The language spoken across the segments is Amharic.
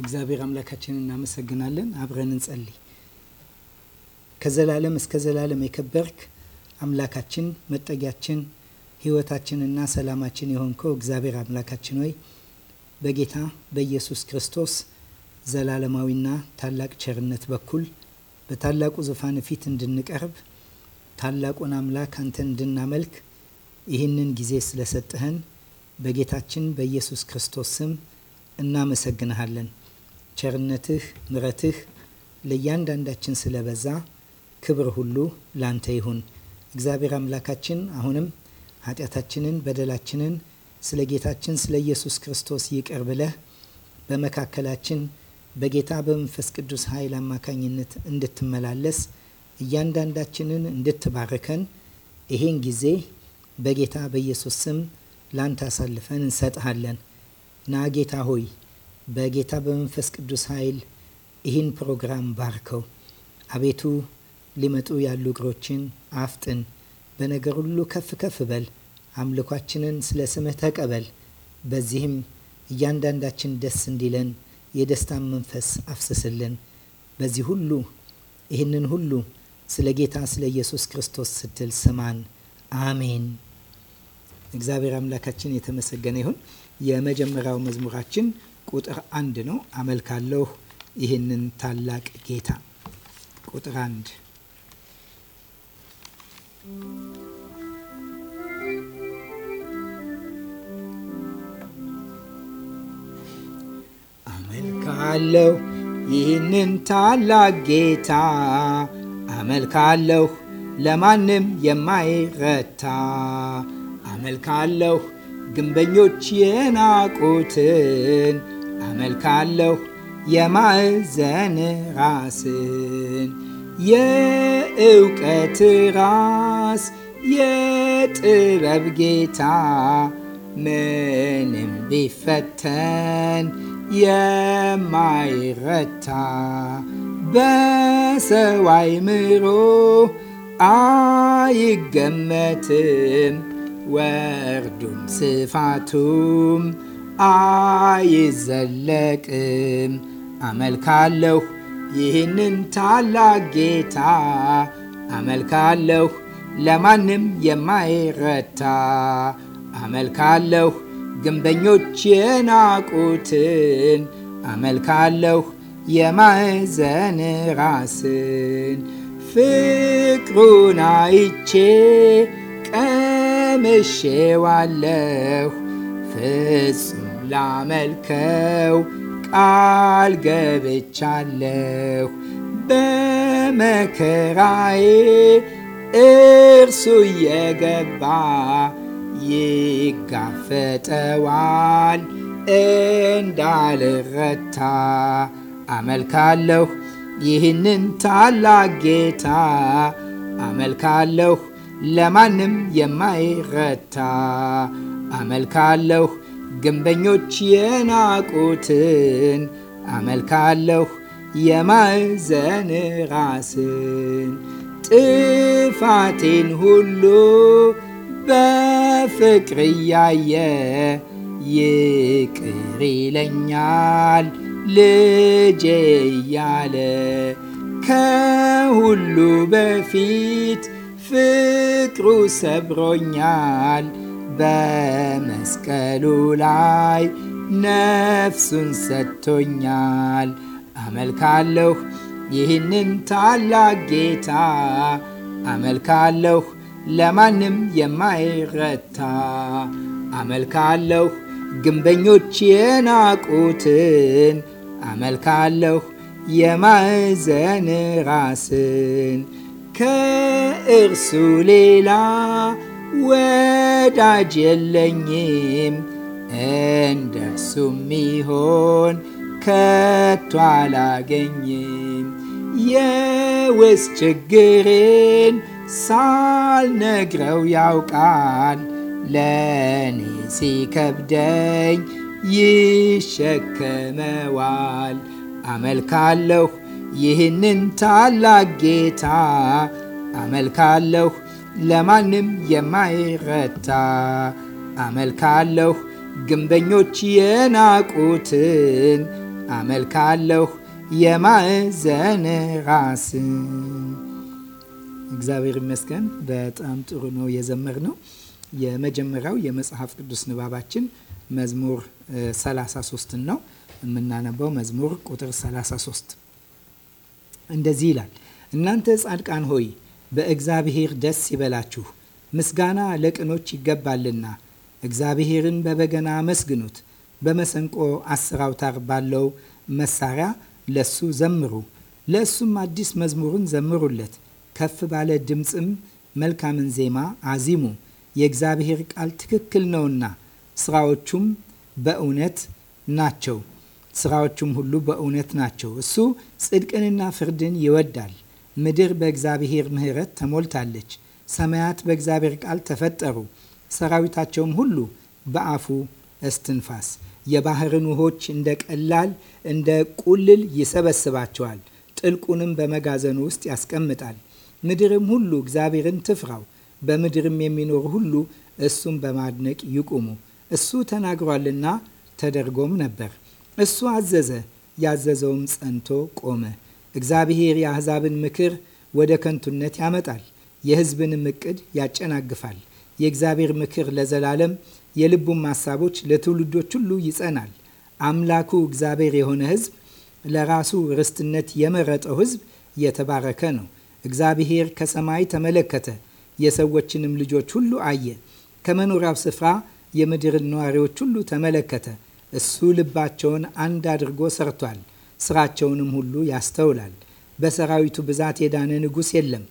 እግዚአብሔር አምላካችን እናመሰግናለን። አብረን እንጸልይ። ከዘላለም እስከ ዘላለም የከበርክ አምላካችን፣ መጠጊያችን፣ ሕይወታችንና ሰላማችን የሆንከው እግዚአብሔር አምላካችን ሆይ በጌታ በኢየሱስ ክርስቶስ ዘላለማዊና ታላቅ ቸርነት በኩል በታላቁ ዙፋን ፊት እንድንቀርብ ታላቁን አምላክ አንተን እንድናመልክ ይህንን ጊዜ ስለሰጠህን በጌታችን በኢየሱስ ክርስቶስ ስም እናመሰግንሃለን። ቸርነትህ፣ ምረትህ ለእያንዳንዳችን ስለበዛ ክብር ሁሉ ላንተ ይሁን። እግዚአብሔር አምላካችን አሁንም ኃጢአታችንን፣ በደላችንን ስለ ጌታችን ስለ ኢየሱስ ክርስቶስ ይቅር ብለህ በመካከላችን በጌታ በመንፈስ ቅዱስ ኃይል አማካኝነት እንድትመላለስ እያንዳንዳችንን እንድትባርከን ይሄን ጊዜ በጌታ በኢየሱስ ስም ላንተ አሳልፈን እንሰጥሃለን ና ጌታ ሆይ በጌታ በመንፈስ ቅዱስ ኃይል ይህን ፕሮግራም ባርከው። አቤቱ ሊመጡ ያሉ እግሮችን አፍጥን። በነገር ሁሉ ከፍ ከፍ በል። አምልኳችንን ስለ ስምህ ተቀበል። በዚህም እያንዳንዳችን ደስ እንዲለን የደስታን መንፈስ አፍስስልን። በዚህ ሁሉ ይህንን ሁሉ ስለ ጌታ ስለ ኢየሱስ ክርስቶስ ስትል ስማን። አሜን። እግዚአብሔር አምላካችን የተመሰገነ ይሁን። የመጀመሪያው መዝሙራችን ቁጥር አንድ ነው። አመልካለሁ ይህንን ታላቅ ጌታ ቁጥር አንድ አመልካለሁ ይህንን ታላቅ ጌታ አመልካለሁ ለማንም የማይረታ አመልካለሁ ግንበኞች የናቁትን አመልካለሁ የማዕዘን ራስን የእውቀት ራስ የጥበብ ጌታ ምንም ቢፈተን የማይረታ በሰው አእምሮ አይገመትም ወርዱም ስፋቱም አይዘለቅም። አመልካለሁ ይህንን ታላቅ ጌታ አመልካለሁ ለማንም የማይረታ አመልካለሁ ግንበኞች የናቁትን አመልካለሁ የማዕዘን ራስን ፍቅሩን አይቼ ቀምሼዋለሁ ፍጹም ላመልከው ቃል ገብቻለሁ በመከራዬ እርሱ እየገባ ይጋፈጠዋል እንዳልረታ አመልካለሁ ይህንን ታላቅ ጌታ አመልካለሁ ለማንም የማይረታ አመልካለሁ ግንበኞች የናቁትን አመልካለሁ የማዕዘን ራስን ጥፋቴን ሁሉ በፍቅር እያየ ይቅር ይለኛል ልጄ እያለ ከሁሉ በፊት ፍቅሩ ሰብሮኛል በመስቀሉ ላይ ነፍሱን ሰጥቶኛል። አመልካለሁ ይህንን ታላቅ ጌታ አመልካለሁ ለማንም የማይረታ አመልካለሁ ግንበኞች የናቁትን አመልካለሁ የማዕዘን ራስን ከእርሱ ሌላ ወዳጅ የለኝም እንደሱ ሚሆን ከቶ አላገኝም። የውስ ችግሬን ሳልነግረው ያውቃል። ለእኔ ሲከብደኝ ይሸከመዋል። አመልካለሁ ይህንን ታላቅ ጌታ አመልካለሁ ለማንም የማይረታ አመልካለሁ ግንበኞች የናቁትን አመልካለሁ የማዕዘን ራስን። እግዚአብሔር ይመስገን። በጣም ጥሩ ነው የዘመር ነው። የመጀመሪያው የመጽሐፍ ቅዱስ ንባባችን መዝሙር 33 ነው የምናነበው። መዝሙር ቁጥር 33 እንደዚህ ይላል፣ እናንተ ጻድቃን ሆይ በእግዚአብሔር ደስ ይበላችሁ፣ ምስጋና ለቅኖች ይገባልና። እግዚአብሔርን በበገና አመስግኑት፣ በመሰንቆ አስር አውታር ባለው መሳሪያ ለሱ ዘምሩ። ለእሱም አዲስ መዝሙርን ዘምሩለት፣ ከፍ ባለ ድምፅም መልካምን ዜማ አዚሙ። የእግዚአብሔር ቃል ትክክል ነውና ስራዎቹም በእውነት ናቸው። ስራዎቹም ሁሉ በእውነት ናቸው። እሱ ጽድቅንና ፍርድን ይወዳል። ምድር በእግዚአብሔር ምሕረት ተሞልታለች። ሰማያት በእግዚአብሔር ቃል ተፈጠሩ፣ ሰራዊታቸውም ሁሉ በአፉ እስትንፋስ። የባህርን ውሆች እንደ ቀላል እንደ ቁልል ይሰበስባቸዋል፣ ጥልቁንም በመጋዘኑ ውስጥ ያስቀምጣል። ምድርም ሁሉ እግዚአብሔርን ትፍራው፣ በምድርም የሚኖሩ ሁሉ እሱን በማድነቅ ይቁሙ። እሱ ተናግሯልና ተደርጎም ነበር። እሱ አዘዘ፣ ያዘዘውም ጸንቶ ቆመ። እግዚአብሔር የአሕዛብን ምክር ወደ ከንቱነት ያመጣል፣ የሕዝብንም እቅድ ያጨናግፋል። የእግዚአብሔር ምክር ለዘላለም የልቡም ሐሳቦች ለትውልዶች ሁሉ ይጸናል። አምላኩ እግዚአብሔር የሆነ ሕዝብ ለራሱ ርስትነት የመረጠው ሕዝብ የተባረከ ነው። እግዚአብሔር ከሰማይ ተመለከተ፣ የሰዎችንም ልጆች ሁሉ አየ። ከመኖሪያው ስፍራ የምድር ነዋሪዎች ሁሉ ተመለከተ። እሱ ልባቸውን አንድ አድርጎ ሰርቷል። ስራቸውንም ሁሉ ያስተውላል። በሰራዊቱ ብዛት የዳነ ንጉሥ የለም።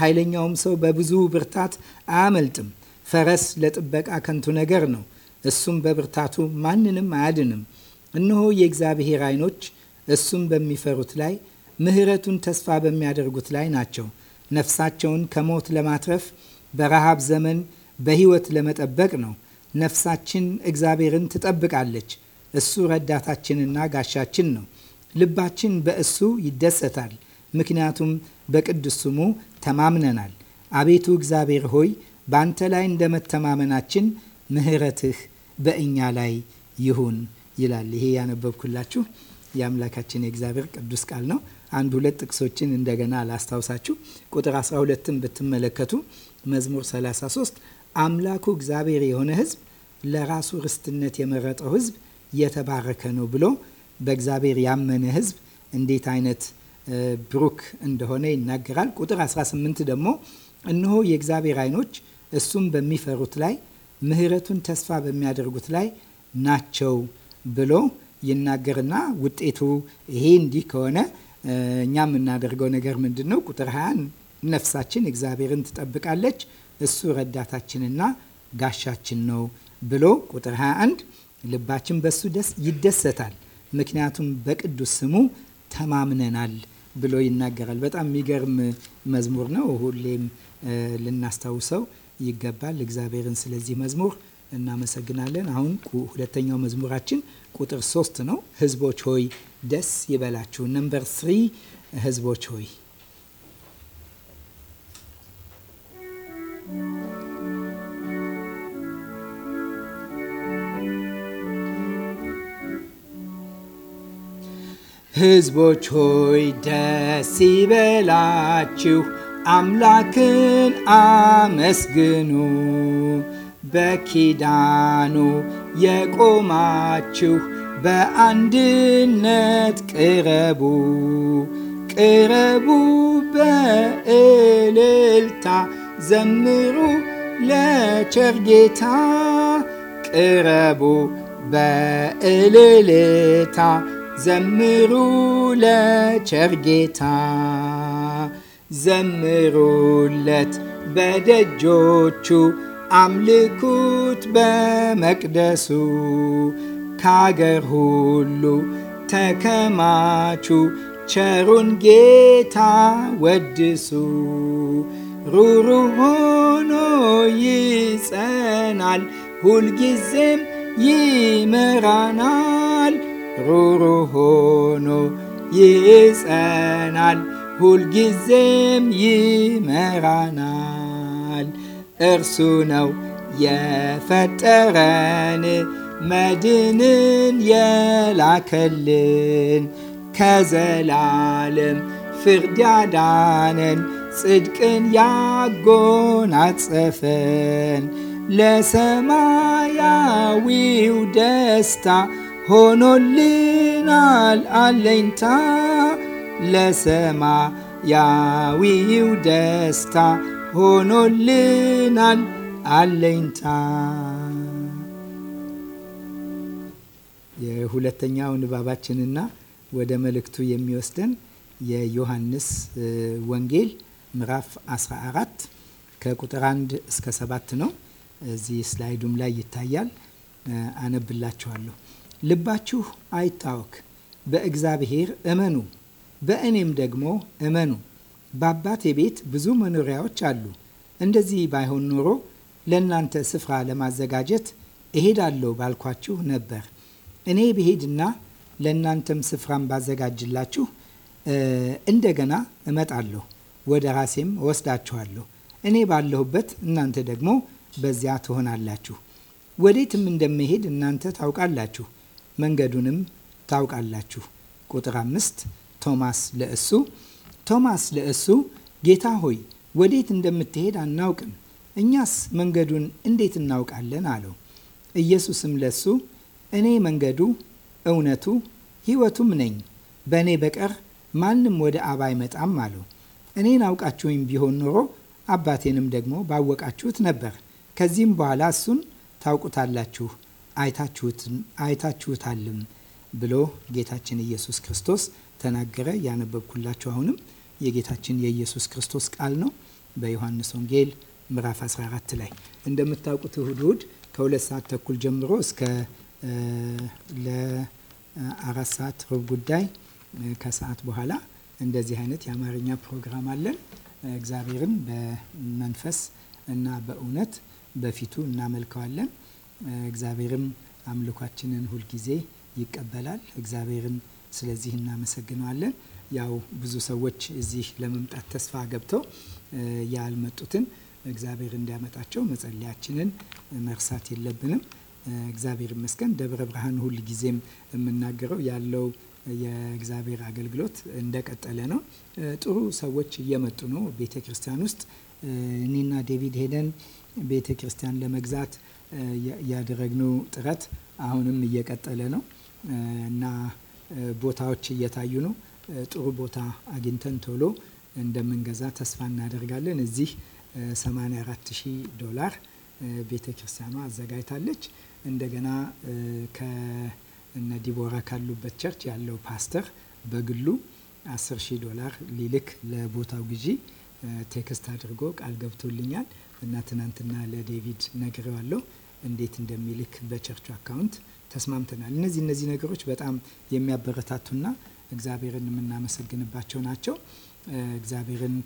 ኃይለኛውም ሰው በብዙ ብርታት አያመልጥም። ፈረስ ለጥበቃ ከንቱ ነገር ነው፣ እሱም በብርታቱ ማንንም አያድንም። እነሆ የእግዚአብሔር ዓይኖች እሱም በሚፈሩት ላይ ምሕረቱን ተስፋ በሚያደርጉት ላይ ናቸው። ነፍሳቸውን ከሞት ለማትረፍ በረሃብ ዘመን በሕይወት ለመጠበቅ ነው። ነፍሳችን እግዚአብሔርን ትጠብቃለች። እሱ ረዳታችንና ጋሻችን ነው። ልባችን በእሱ ይደሰታል፣ ምክንያቱም በቅዱስ ስሙ ተማምነናል። አቤቱ እግዚአብሔር ሆይ በአንተ ላይ እንደ መተማመናችን ምሕረትህ በእኛ ላይ ይሁን ይላል። ይሄ ያነበብኩላችሁ የአምላካችን የእግዚአብሔር ቅዱስ ቃል ነው። አንድ ሁለት ጥቅሶችን እንደገና ላስታውሳችሁ። ቁጥር 12ን ብትመለከቱ መዝሙር 33 አምላኩ እግዚአብሔር የሆነ ሕዝብ ለራሱ ርስትነት የመረጠው ሕዝብ የተባረከ ነው ብሎ በእግዚአብሔር ያመነ ህዝብ እንዴት አይነት ብሩክ እንደሆነ ይናገራል። ቁጥር 18 ደግሞ እነሆ የእግዚአብሔር አይኖች እሱም በሚፈሩት ላይ ምህረቱን ተስፋ በሚያደርጉት ላይ ናቸው ብሎ ይናገርና ውጤቱ ይሄ እንዲህ ከሆነ እኛ የምናደርገው ነገር ምንድን ነው? ቁጥር 2 ነፍሳችን እግዚአብሔርን ትጠብቃለች፣ እሱ ረዳታችንና ጋሻችን ነው ብሎ ቁጥር 21 ልባችን በሱ ደስ ይደሰታል ምክንያቱም በቅዱስ ስሙ ተማምነናል ብሎ ይናገራል። በጣም የሚገርም መዝሙር ነው። ሁሌም ልናስታውሰው ይገባል። እግዚአብሔርን ስለዚህ መዝሙር እናመሰግናለን። አሁን ሁለተኛው መዝሙራችን ቁጥር ሶስት ነው። ህዝቦች ሆይ ደስ ይበላችሁ። ነምበር ስሪ ህዝቦች ሆይ ሕዝቦች ሆይ ደስ ይበላችሁ፣ አምላክን አመስግኑ። በኪዳኑ የቆማችሁ በአንድነት ቅረቡ ቅረቡ በእልልታ ዘምሩ ለቸር ጌታ ቅረቡ በእልልታ ዘምሩ ለቸር ጌታ ዘምሩለት በደጆቹ አምልኩት በመቅደሱ ካገር ሁሉ ተከማቹ ቸሩን ጌታ ወድሱ ሩሩ ሆኖ ይጸናል ሁልጊዜም ይመራናል። ሩሩ ሆኖ ይጸናል፣ ሁልጊዜም ይመራናል። እርሱ ነው የፈጠረን መድንን የላከልን ከዘላለም ፍርድ ያዳነን ጽድቅን ያጎናጸፈን ለሰማያዊው ደስታ ሆኖልናል አለኝታ ለሰማያዊው ደስታ ሆኖልናል አለኝታ። የሁለተኛው ንባባችንና ወደ መልእክቱ የሚወስደን የዮሐንስ ወንጌል ምዕራፍ 14 ከቁጥር 1 እስከ 7 ነው። እዚህ ስላይዱም ላይ ይታያል። አነብላችኋለሁ። ልባችሁ አይታወክ። በእግዚአብሔር እመኑ፣ በእኔም ደግሞ እመኑ። በአባቴ ቤት ብዙ መኖሪያዎች አሉ። እንደዚህ ባይሆን ኖሮ ለእናንተ ስፍራ ለማዘጋጀት እሄዳለሁ ባልኳችሁ ነበር። እኔ ብሄድና ለእናንተም ስፍራን ባዘጋጅላችሁ እንደገና እመጣለሁ፣ ወደ ራሴም ወስዳችኋለሁ። እኔ ባለሁበት እናንተ ደግሞ በዚያ ትሆናላችሁ። ወዴትም እንደምሄድ እናንተ ታውቃላችሁ። መንገዱንም ታውቃላችሁ። ቁጥር አምስት ቶማስ ለእሱ ቶማስ ለእሱ ጌታ ሆይ ወዴት እንደምትሄድ አናውቅም፣ እኛስ መንገዱን እንዴት እናውቃለን አለው። ኢየሱስም ለሱ እኔ መንገዱ፣ እውነቱ፣ ሕይወቱም ነኝ፣ በእኔ በቀር ማንም ወደ አብ አይመጣም አለው። እኔን አውቃችሁኝ ቢሆን ኖሮ አባቴንም ደግሞ ባወቃችሁት ነበር። ከዚህም በኋላ እሱን ታውቁታላችሁ አይታችሁታልም ብሎ ጌታችን ኢየሱስ ክርስቶስ ተናገረ። ያነበብኩላችሁ አሁንም የጌታችን የኢየሱስ ክርስቶስ ቃል ነው በዮሐንስ ወንጌል ምዕራፍ 14 ላይ እንደምታውቁት እሁድ እሁድ ከሁለት ሰዓት ተኩል ጀምሮ እስከ ለአራት ሰዓት ሩብ ጉዳይ ከሰዓት በኋላ እንደዚህ አይነት የአማርኛ ፕሮግራም አለን። እግዚአብሔርን በመንፈስ እና በእውነት በፊቱ እናመልከዋለን። እግዚአብሔርም አምልኳችንን ሁልጊዜ ይቀበላል። እግዚአብሔርን ስለዚህ እናመሰግነዋለን። ያው ብዙ ሰዎች እዚህ ለመምጣት ተስፋ ገብተው ያልመጡትን እግዚአብሔር እንዲያመጣቸው መጸለያችንን መርሳት የለብንም። እግዚአብሔር ይመስገን። ደብረ ብርሃን ሁል ጊዜም የምናገረው ያለው የእግዚአብሔር አገልግሎት እንደቀጠለ ነው። ጥሩ ሰዎች እየመጡ ነው። ቤተ ክርስቲያን ውስጥ እኔና ዴቪድ ሄደን ቤተ ክርስቲያን ለመግዛት ያደረግነው ጥረት አሁንም እየቀጠለ ነው እና ቦታዎች እየታዩ ነው። ጥሩ ቦታ አግኝተን ቶሎ እንደምንገዛ ተስፋ እናደርጋለን። እዚህ 84 ሺህ ዶላር ቤተ ክርስቲያኗ አዘጋጅታለች። እንደገና ከእነ ዲቦራ ካሉበት ቸርች ያለው ፓስተር በግሉ 10 ዶላር ሊልክ ለቦታው ግዢ ቴክስት አድርጎ ቃል ገብቶልኛል እና ትናንትና ለዴቪድ ነግሬዋለሁ። እንዴት እንደሚልክ በቸርቹ አካውንት ተስማምተናል። እነዚህ እነዚህ ነገሮች በጣም የሚያበረታቱና እግዚአብሔርን የምናመሰግንባቸው ናቸው። እግዚአብሔርን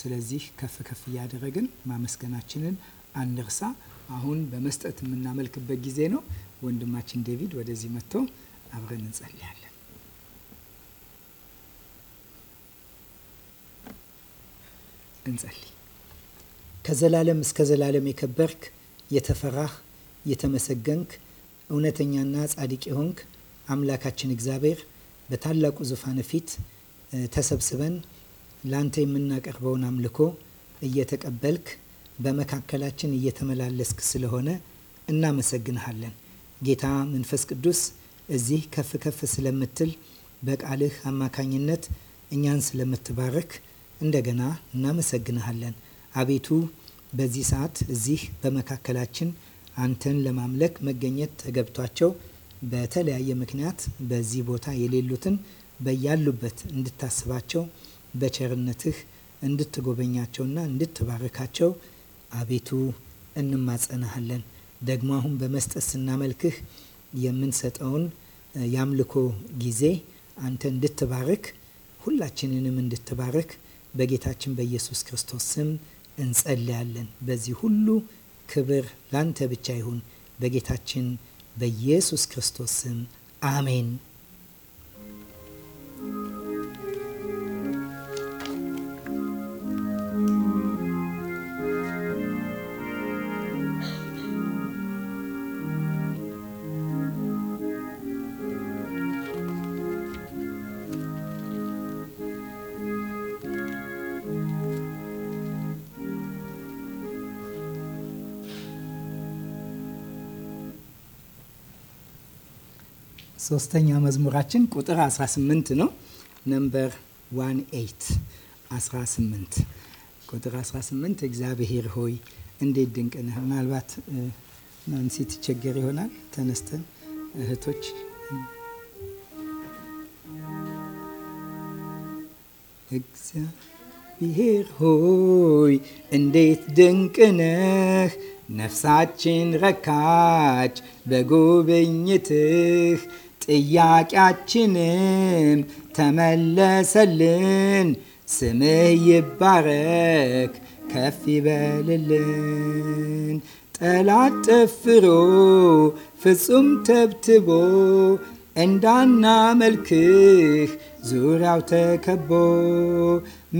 ስለዚህ ከፍ ከፍ እያደረግን ማመስገናችንን አንርሳ። አሁን በመስጠት የምናመልክበት ጊዜ ነው። ወንድማችን ዴቪድ ወደዚህ መጥቶ አብረን እንጸልያለን። እንጸልይ። ከዘላለም እስከ ዘላለም የከበርክ የተፈራህ የተመሰገንክ እውነተኛና ጻድቅ የሆንክ አምላካችን እግዚአብሔር በታላቁ ዙፋን ፊት ተሰብስበን ለአንተ የምናቀርበውን አምልኮ እየተቀበልክ በመካከላችን እየተመላለስክ ስለሆነ እናመሰግንሃለን። ጌታ መንፈስ ቅዱስ እዚህ ከፍ ከፍ ስለምትል በቃልህ አማካኝነት እኛን ስለምትባረክ እንደገና እናመሰግንሃለን። አቤቱ በዚህ ሰዓት እዚህ በመካከላችን አንተን ለማምለክ መገኘት ተገብቷቸው በተለያየ ምክንያት በዚህ ቦታ የሌሉትን በያሉበት እንድታስባቸው በቸርነትህ እንድትጎበኛቸውና እንድትባርካቸው አቤቱ እንማጸናሃለን። ደግሞ አሁን በመስጠት ስናመልክህ የምንሰጠውን የአምልኮ ጊዜ አንተ እንድትባርክ ሁላችንንም እንድትባርክ በጌታችን በኢየሱስ ክርስቶስ ስም እንጸልያለን። በዚህ ሁሉ ክብር ላንተ ብቻ ይሁን። በጌታችን በኢየሱስ ክርስቶስ ስም አሜን። ሶስተኛ መዝሙራችን ቁጥር 18 ነው። ነምበር 18 18 ቁጥር 18 እግዚአብሔር ሆይ እንዴት ድንቅ ነህ። ምናልባት ናንሲ ትቸገር ይሆናል። ተነስተን እህቶች እግዚአብሔር ሆይ እንዴት ድንቅ ነህ ነፍሳችን ረካች በጉብኝትህ ጥያቄያችንም ተመለሰልን። ስምህ ይባረክ ከፍ ይበልልን። ጠላት ጠፍሮ ፍጹም ተብትቦ እንዳናመልክህ ዙሪያው ተከቦ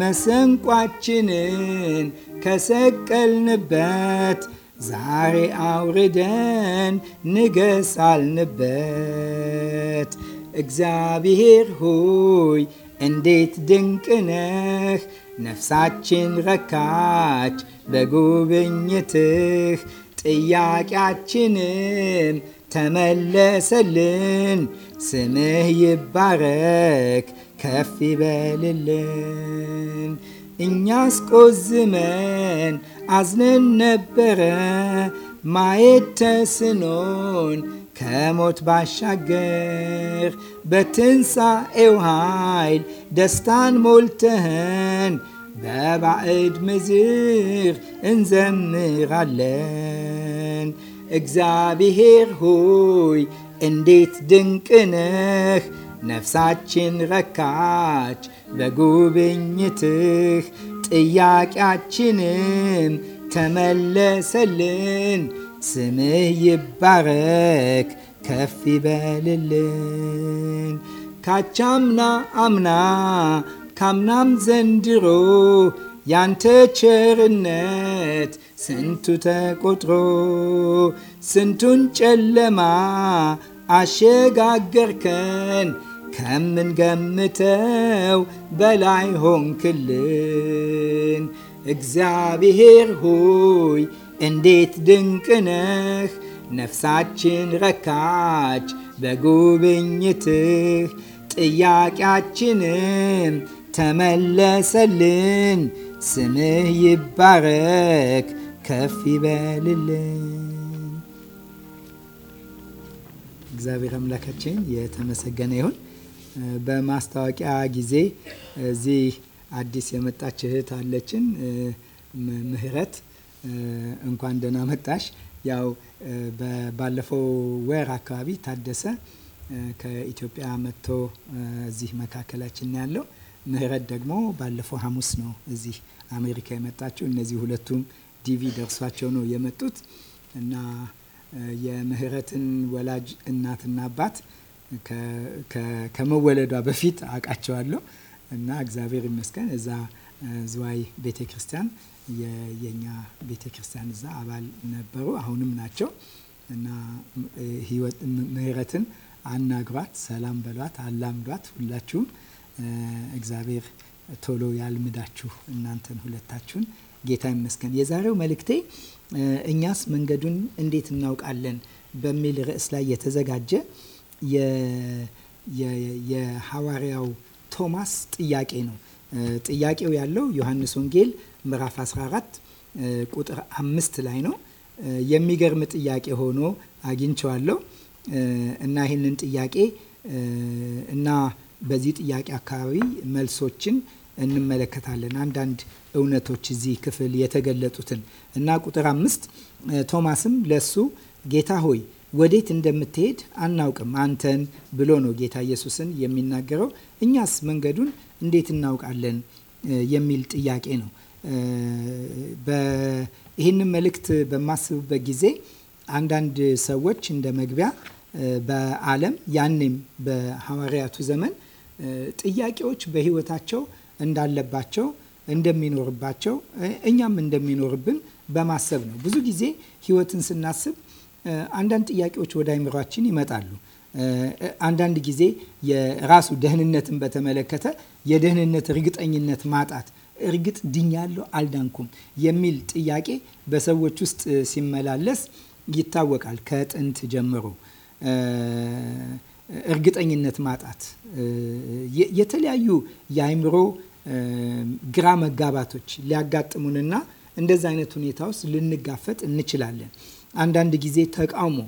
መሰንቋችንን ከሰቀልንበት ዛሬ አውርደን ንገስ አልንበት። እግዚአብሔር ሆይ እንዴት ድንቅ ነህ! ነፍሳችን ረካች በጉብኝትህ፣ ጥያቄያችንም ተመለሰልን። ስምህ ይባረክ ከፍ ይበልልን። እኛስ ቆዝመን አዝነን ነበረ ማየት ተስኖን ከሞት ባሻገር በትንሣኤው ኃይል ደስታን ሞልተህን በባዕድ ምዝር እንዘምራለን። እግዚአብሔር ሆይ እንዴት ድንቅ ነህ! ነፍሳችን ረካች በጉብኝትህ ጥያቄያችንም ተመለሰልን። ስምህ ይባረክ ከፍ ይበልልን። ካቻምና አምና ካምናም ዘንድሮ ያንተ ቸርነት ስንቱ ተቆጥሮ ስንቱን ጨለማ አሸጋገርከን ከምንገምተው በላይ ሆንክልን። እግዚአብሔር ሆይ እንዴት ድንቅ ነህ! ነፍሳችን ረካች በጉብኝትህ፣ ጥያቄያችንም ተመለሰልን። ስምህ ይባረክ ከፍ ይበልልን። እግዚአብሔር አምላካችን የተመሰገነ ይሁን። በማስታወቂያ ጊዜ እዚህ አዲስ የመጣች እህት አለችን። ምህረት እንኳን ደህና መጣሽ። ያው ባለፈው ወር አካባቢ ታደሰ ከኢትዮጵያ መጥቶ እዚህ መካከላችን ያለው ምህረት ደግሞ ባለፈው ሐሙስ ነው እዚህ አሜሪካ የመጣችው። እነዚህ ሁለቱም ዲቪ ደርሷቸው ነው የመጡት እና የምህረትን ወላጅ እናትና አባት ከመወለዷ በፊት አውቃቸዋለሁ እና እግዚአብሔር ይመስገን እዛ ዝዋይ ቤተ ክርስቲያን የኛ ቤተ ክርስቲያን እዛ አባል ነበሩ፣ አሁንም ናቸው እና ምህረትን አናግሯት፣ ሰላም በሏት፣ አላምዷት። ሁላችሁም እግዚአብሔር ቶሎ ያልምዳችሁ እናንተን ሁለታችሁን። ጌታ ይመስገን። የዛሬው መልእክቴ እኛስ መንገዱን እንዴት እናውቃለን በሚል ርዕስ ላይ የተዘጋጀ የሐዋርያው ቶማስ ጥያቄ ነው። ጥያቄው ያለው ዮሐንስ ወንጌል ምዕራፍ 14 ቁጥር አምስት ላይ ነው። የሚገርም ጥያቄ ሆኖ አግኝቸዋለሁ እና ይህንን ጥያቄ እና በዚህ ጥያቄ አካባቢ መልሶችን እንመለከታለን። አንዳንድ እውነቶች እዚህ ክፍል የተገለጡትን እና ቁጥር አምስት ቶማስም ለሱ ጌታ ሆይ ወዴት እንደምትሄድ አናውቅም አንተን ብሎ ነው ጌታ ኢየሱስን የሚናገረው። እኛስ መንገዱን እንዴት እናውቃለን የሚል ጥያቄ ነው። ይህንን መልእክት በማስብበት ጊዜ አንዳንድ ሰዎች እንደ መግቢያ በዓለም ያኔም በሐዋርያቱ ዘመን ጥያቄዎች በሕይወታቸው እንዳለባቸው እንደሚኖርባቸው እኛም እንደሚኖርብን በማሰብ ነው። ብዙ ጊዜ ሕይወትን ስናስብ አንዳንድ ጥያቄዎች ወደ አይምሯችን ይመጣሉ። አንዳንድ ጊዜ የራሱ ደህንነትን በተመለከተ የደህንነት እርግጠኝነት ማጣት እርግጥ ድኛለሁ አልዳንኩም የሚል ጥያቄ በሰዎች ውስጥ ሲመላለስ ይታወቃል። ከጥንት ጀምሮ እርግጠኝነት ማጣት የተለያዩ የአይምሮ ግራ መጋባቶች ሊያጋጥሙንና እንደዚህ አይነት ሁኔታ ውስጥ ልንጋፈጥ እንችላለን። አንዳንድ ጊዜ ተቃውሞ፣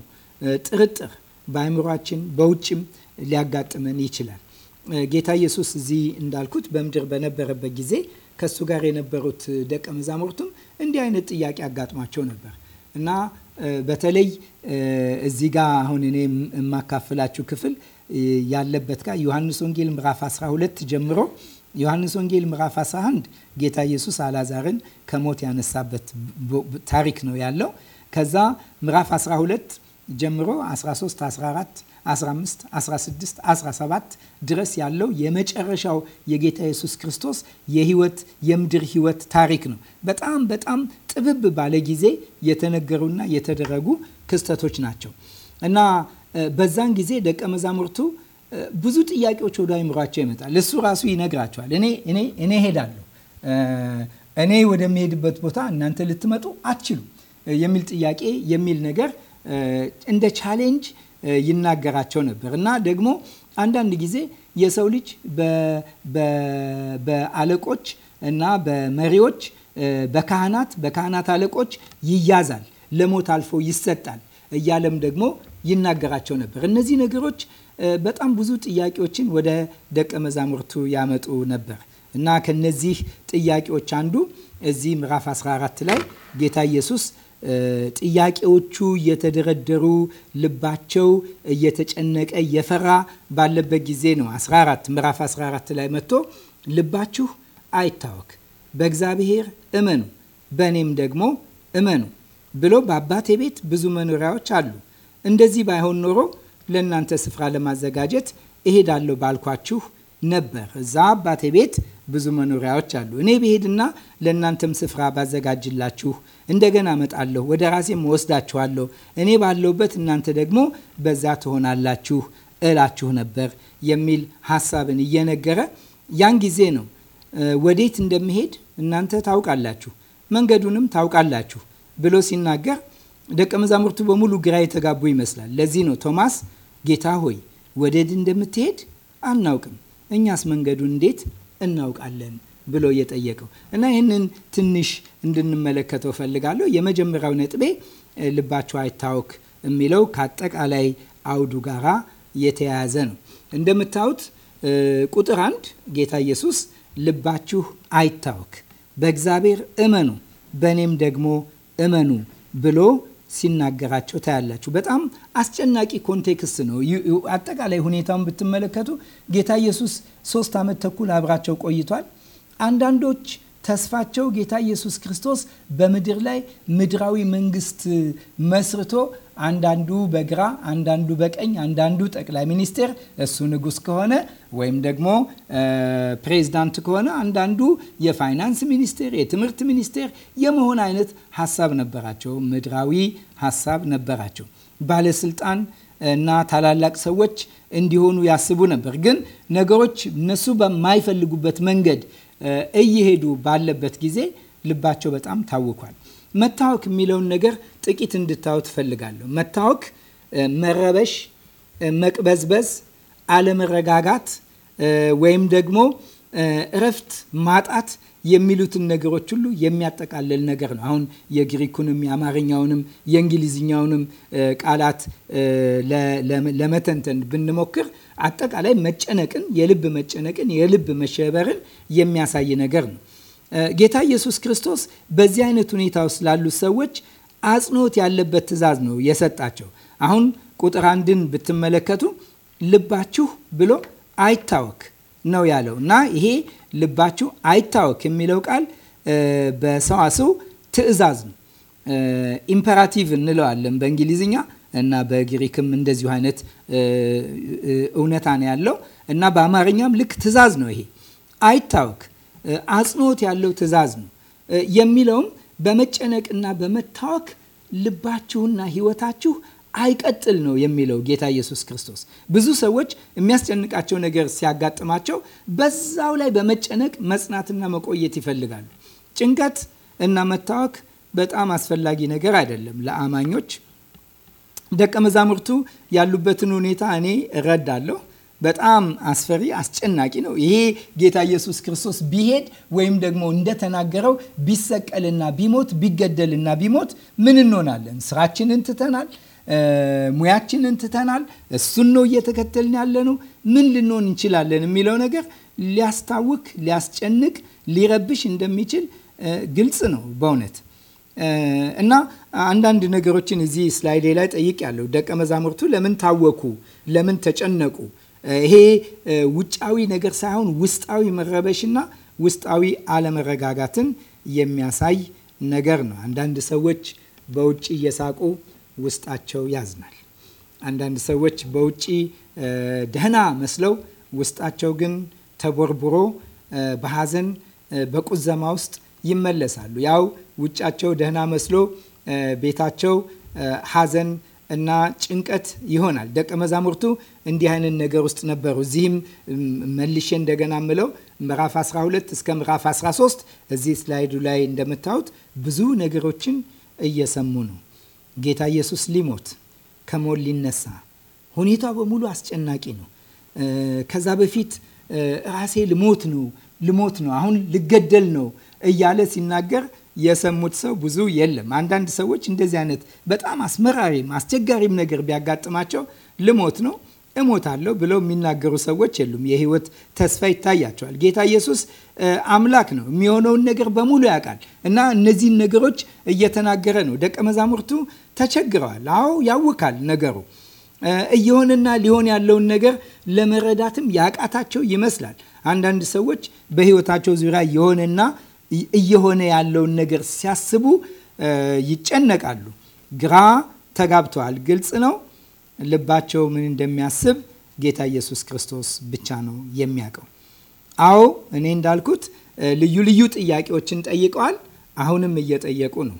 ጥርጥር በአእምሯችን በውጭም ሊያጋጥመን ይችላል። ጌታ ኢየሱስ እዚህ እንዳልኩት በምድር በነበረበት ጊዜ ከእሱ ጋር የነበሩት ደቀ መዛሙርቱም እንዲህ አይነት ጥያቄ አጋጥሟቸው ነበር እና በተለይ እዚህ ጋር አሁን እኔ የማካፍላችሁ ክፍል ያለበት ጋር ዮሐንስ ወንጌል ምዕራፍ 12 ጀምሮ ዮሐንስ ወንጌል ምዕራፍ 11 ጌታ ኢየሱስ አላዛርን ከሞት ያነሳበት ታሪክ ነው ያለው። ከዛ ምዕራፍ 12 ጀምሮ 13፣ 14፣ 15፣ 16፣ 17 ድረስ ያለው የመጨረሻው የጌታ ኢየሱስ ክርስቶስ የህይወት የምድር ህይወት ታሪክ ነው። በጣም በጣም ጥብብ ባለ ጊዜ የተነገሩና የተደረጉ ክስተቶች ናቸው እና በዛን ጊዜ ደቀ መዛሙርቱ ብዙ ጥያቄዎች ወደ አይምሯቸው ይመጣል። እሱ ራሱ ይነግራቸዋል። እኔ እኔ እኔ ሄዳለሁ እኔ ወደሚሄድበት ቦታ እናንተ ልትመጡ አትችሉም የሚል ጥያቄ የሚል ነገር እንደ ቻሌንጅ ይናገራቸው ነበር እና ደግሞ አንዳንድ ጊዜ የሰው ልጅ በአለቆች እና በመሪዎች በካህናት በካህናት አለቆች ይያዛል፣ ለሞት አልፎ ይሰጣል እያለም ደግሞ ይናገራቸው ነበር። እነዚህ ነገሮች በጣም ብዙ ጥያቄዎችን ወደ ደቀ መዛሙርቱ ያመጡ ነበር እና ከነዚህ ጥያቄዎች አንዱ እዚህ ምዕራፍ 14 ላይ ጌታ ኢየሱስ ጥያቄዎቹ እየተደረደሩ ልባቸው እየተጨነቀ እየፈራ ባለበት ጊዜ ነው 14 ምዕራፍ 14 ላይ መጥቶ ልባችሁ አይታወክ፣ በእግዚአብሔር እመኑ፣ በእኔም ደግሞ እመኑ ብሎ በአባቴ ቤት ብዙ መኖሪያዎች አሉ፣ እንደዚህ ባይሆን ኖሮ ለእናንተ ስፍራ ለማዘጋጀት እሄዳለሁ ባልኳችሁ ነበር። እዛ አባቴ ቤት ብዙ መኖሪያዎች አሉ። እኔ ብሄድና ለእናንተም ስፍራ ባዘጋጅላችሁ እንደገና እመጣለሁ፣ ወደ ራሴም ወስዳችኋለሁ። እኔ ባለሁበት እናንተ ደግሞ በዛ ትሆናላችሁ እላችሁ ነበር የሚል ሀሳብን እየነገረ ያን ጊዜ ነው ወዴት እንደሚሄድ እናንተ ታውቃላችሁ፣ መንገዱንም ታውቃላችሁ ብሎ ሲናገር ደቀ መዛሙርቱ በሙሉ ግራ የተጋቡ ይመስላል። ለዚህ ነው ቶማስ ጌታ ሆይ ወዴት እንደምትሄድ አናውቅም እኛስ መንገዱ እንዴት እናውቃለን ብሎ የጠየቀው እና ይህንን ትንሽ እንድንመለከተው ፈልጋለሁ። የመጀመሪያው ነጥቤ ልባቸው አይታወክ የሚለው ከአጠቃላይ አውዱ ጋራ የተያያዘ ነው። እንደምታዩት ቁጥር አንድ ጌታ ኢየሱስ ልባችሁ አይታወክ፣ በእግዚአብሔር እመኑ፣ በእኔም ደግሞ እመኑ ብሎ ሲናገራቸው ታያላችሁ። በጣም አስጨናቂ ኮንቴክስት ነው። አጠቃላይ ሁኔታውን ብትመለከቱ ጌታ ኢየሱስ ሶስት ዓመት ተኩል አብራቸው ቆይቷል። አንዳንዶች ተስፋቸው ጌታ ኢየሱስ ክርስቶስ በምድር ላይ ምድራዊ መንግስት መስርቶ አንዳንዱ በግራ አንዳንዱ በቀኝ አንዳንዱ ጠቅላይ ሚኒስቴር እሱ ንጉስ ከሆነ ወይም ደግሞ ፕሬዚዳንት ከሆነ አንዳንዱ የፋይናንስ ሚኒስቴር፣ የትምህርት ሚኒስቴር የመሆን አይነት ሀሳብ ነበራቸው። ምድራዊ ሀሳብ ነበራቸው። ባለስልጣን እና ታላላቅ ሰዎች እንዲሆኑ ያስቡ ነበር። ግን ነገሮች እነሱ በማይፈልጉበት መንገድ እየሄዱ ባለበት ጊዜ ልባቸው በጣም ታውኳል። መታወክ የሚለውን ነገር ጥቂት እንድታዩ ትፈልጋለሁ መታወክ መረበሽ፣ መቅበዝበዝ፣ አለመረጋጋት ወይም ደግሞ እረፍት ማጣት የሚሉትን ነገሮች ሁሉ የሚያጠቃልል ነገር ነው። አሁን የግሪኩንም የአማርኛውንም የእንግሊዝኛውንም ቃላት ለመተንተን ብንሞክር አጠቃላይ መጨነቅን፣ የልብ መጨነቅን፣ የልብ መሸበርን የሚያሳይ ነገር ነው። ጌታ ኢየሱስ ክርስቶስ በዚህ አይነት ሁኔታ ውስጥ ላሉት ሰዎች አጽንኦት ያለበት ትእዛዝ ነው የሰጣቸው። አሁን ቁጥር አንድን ብትመለከቱ ልባችሁ ብሎ አይታወክ ነው ያለው እና ይሄ ልባችሁ አይታወክ የሚለው ቃል በሰዋስው ትዕዛዝ ነው። ኢምፐራቲቭ እንለዋለን በእንግሊዝኛ እና በግሪክም እንደዚሁ አይነት እውነታ ነው ያለው እና በአማርኛም ልክ ትዕዛዝ ነው። ይሄ አይታወክ አጽንኦት ያለው ትዕዛዝ ነው የሚለውም በመጨነቅና በመታወክ ልባችሁና ሕይወታችሁ አይቀጥል ነው የሚለው ጌታ ኢየሱስ ክርስቶስ። ብዙ ሰዎች የሚያስጨንቃቸው ነገር ሲያጋጥማቸው በዛው ላይ በመጨነቅ መጽናትና መቆየት ይፈልጋሉ። ጭንቀት እና መታወክ በጣም አስፈላጊ ነገር አይደለም ለአማኞች። ደቀ መዛሙርቱ ያሉበትን ሁኔታ እኔ እረዳለሁ። በጣም አስፈሪ አስጨናቂ ነው። ይሄ ጌታ ኢየሱስ ክርስቶስ ቢሄድ ወይም ደግሞ እንደተናገረው ቢሰቀልና ቢሞት ቢገደልና ቢሞት ምን እንሆናለን? ስራችንን ትተናል። ሙያችንን ትተናል፣ እሱን ነው እየተከተልን ነው፣ ምን ልንሆን እንችላለን የሚለው ነገር ሊያስታውክ፣ ሊያስጨንቅ፣ ሊረብሽ እንደሚችል ግልጽ ነው በእውነት እና አንዳንድ ነገሮችን እዚህ ስላይዴ ላይ ጠይቅ ያለው ደቀ መዛሙርቱ ለምን ታወኩ? ለምን ተጨነቁ? ይሄ ውጫዊ ነገር ሳይሆን ውስጣዊ መረበሽና ውስጣዊ አለመረጋጋትን የሚያሳይ ነገር ነው። አንዳንድ ሰዎች በውጭ እየሳቁ ውስጣቸው ያዝናል። አንዳንድ ሰዎች በውጭ ደህና መስለው ውስጣቸው ግን ተቦርቡሮ በሐዘን በቁዘማ ውስጥ ይመለሳሉ። ያው ውጫቸው ደህና መስሎ ቤታቸው ሐዘን እና ጭንቀት ይሆናል። ደቀ መዛሙርቱ እንዲህ አይነት ነገር ውስጥ ነበሩ። እዚህም መልሼ እንደገና ምለው ምዕራፍ 12 እስከ ምዕራፍ 13 እዚህ ስላይዱ ላይ እንደምታዩት ብዙ ነገሮችን እየሰሙ ነው። ጌታ ኢየሱስ ሊሞት ከሞት ሊነሳ፣ ሁኔታው በሙሉ አስጨናቂ ነው። ከዛ በፊት ራሴ ልሞት ነው ልሞት ነው አሁን ልገደል ነው እያለ ሲናገር የሰሙት ሰው ብዙ የለም። አንዳንድ ሰዎች እንደዚህ አይነት በጣም አስመራሪም አስቸጋሪም ነገር ቢያጋጥማቸው ልሞት ነው እሞታለሁ ብለው የሚናገሩ ሰዎች የሉም። የህይወት ተስፋ ይታያቸዋል። ጌታ ኢየሱስ አምላክ ነው፣ የሚሆነውን ነገር በሙሉ ያውቃል እና እነዚህን ነገሮች እየተናገረ ነው። ደቀ መዛሙርቱ ተቸግረዋል። አዎ ያውካል ነገሩ እየሆነና ሊሆን ያለውን ነገር ለመረዳትም ያቃታቸው ይመስላል። አንዳንድ ሰዎች በሕይወታቸው ዙሪያ የሆነና እየሆነ ያለውን ነገር ሲያስቡ ይጨነቃሉ። ግራ ተጋብተዋል። ግልጽ ነው። ልባቸው ምን እንደሚያስብ ጌታ ኢየሱስ ክርስቶስ ብቻ ነው የሚያውቀው። አዎ እኔ እንዳልኩት ልዩ ልዩ ጥያቄዎችን ጠይቀዋል። አሁንም እየጠየቁ ነው።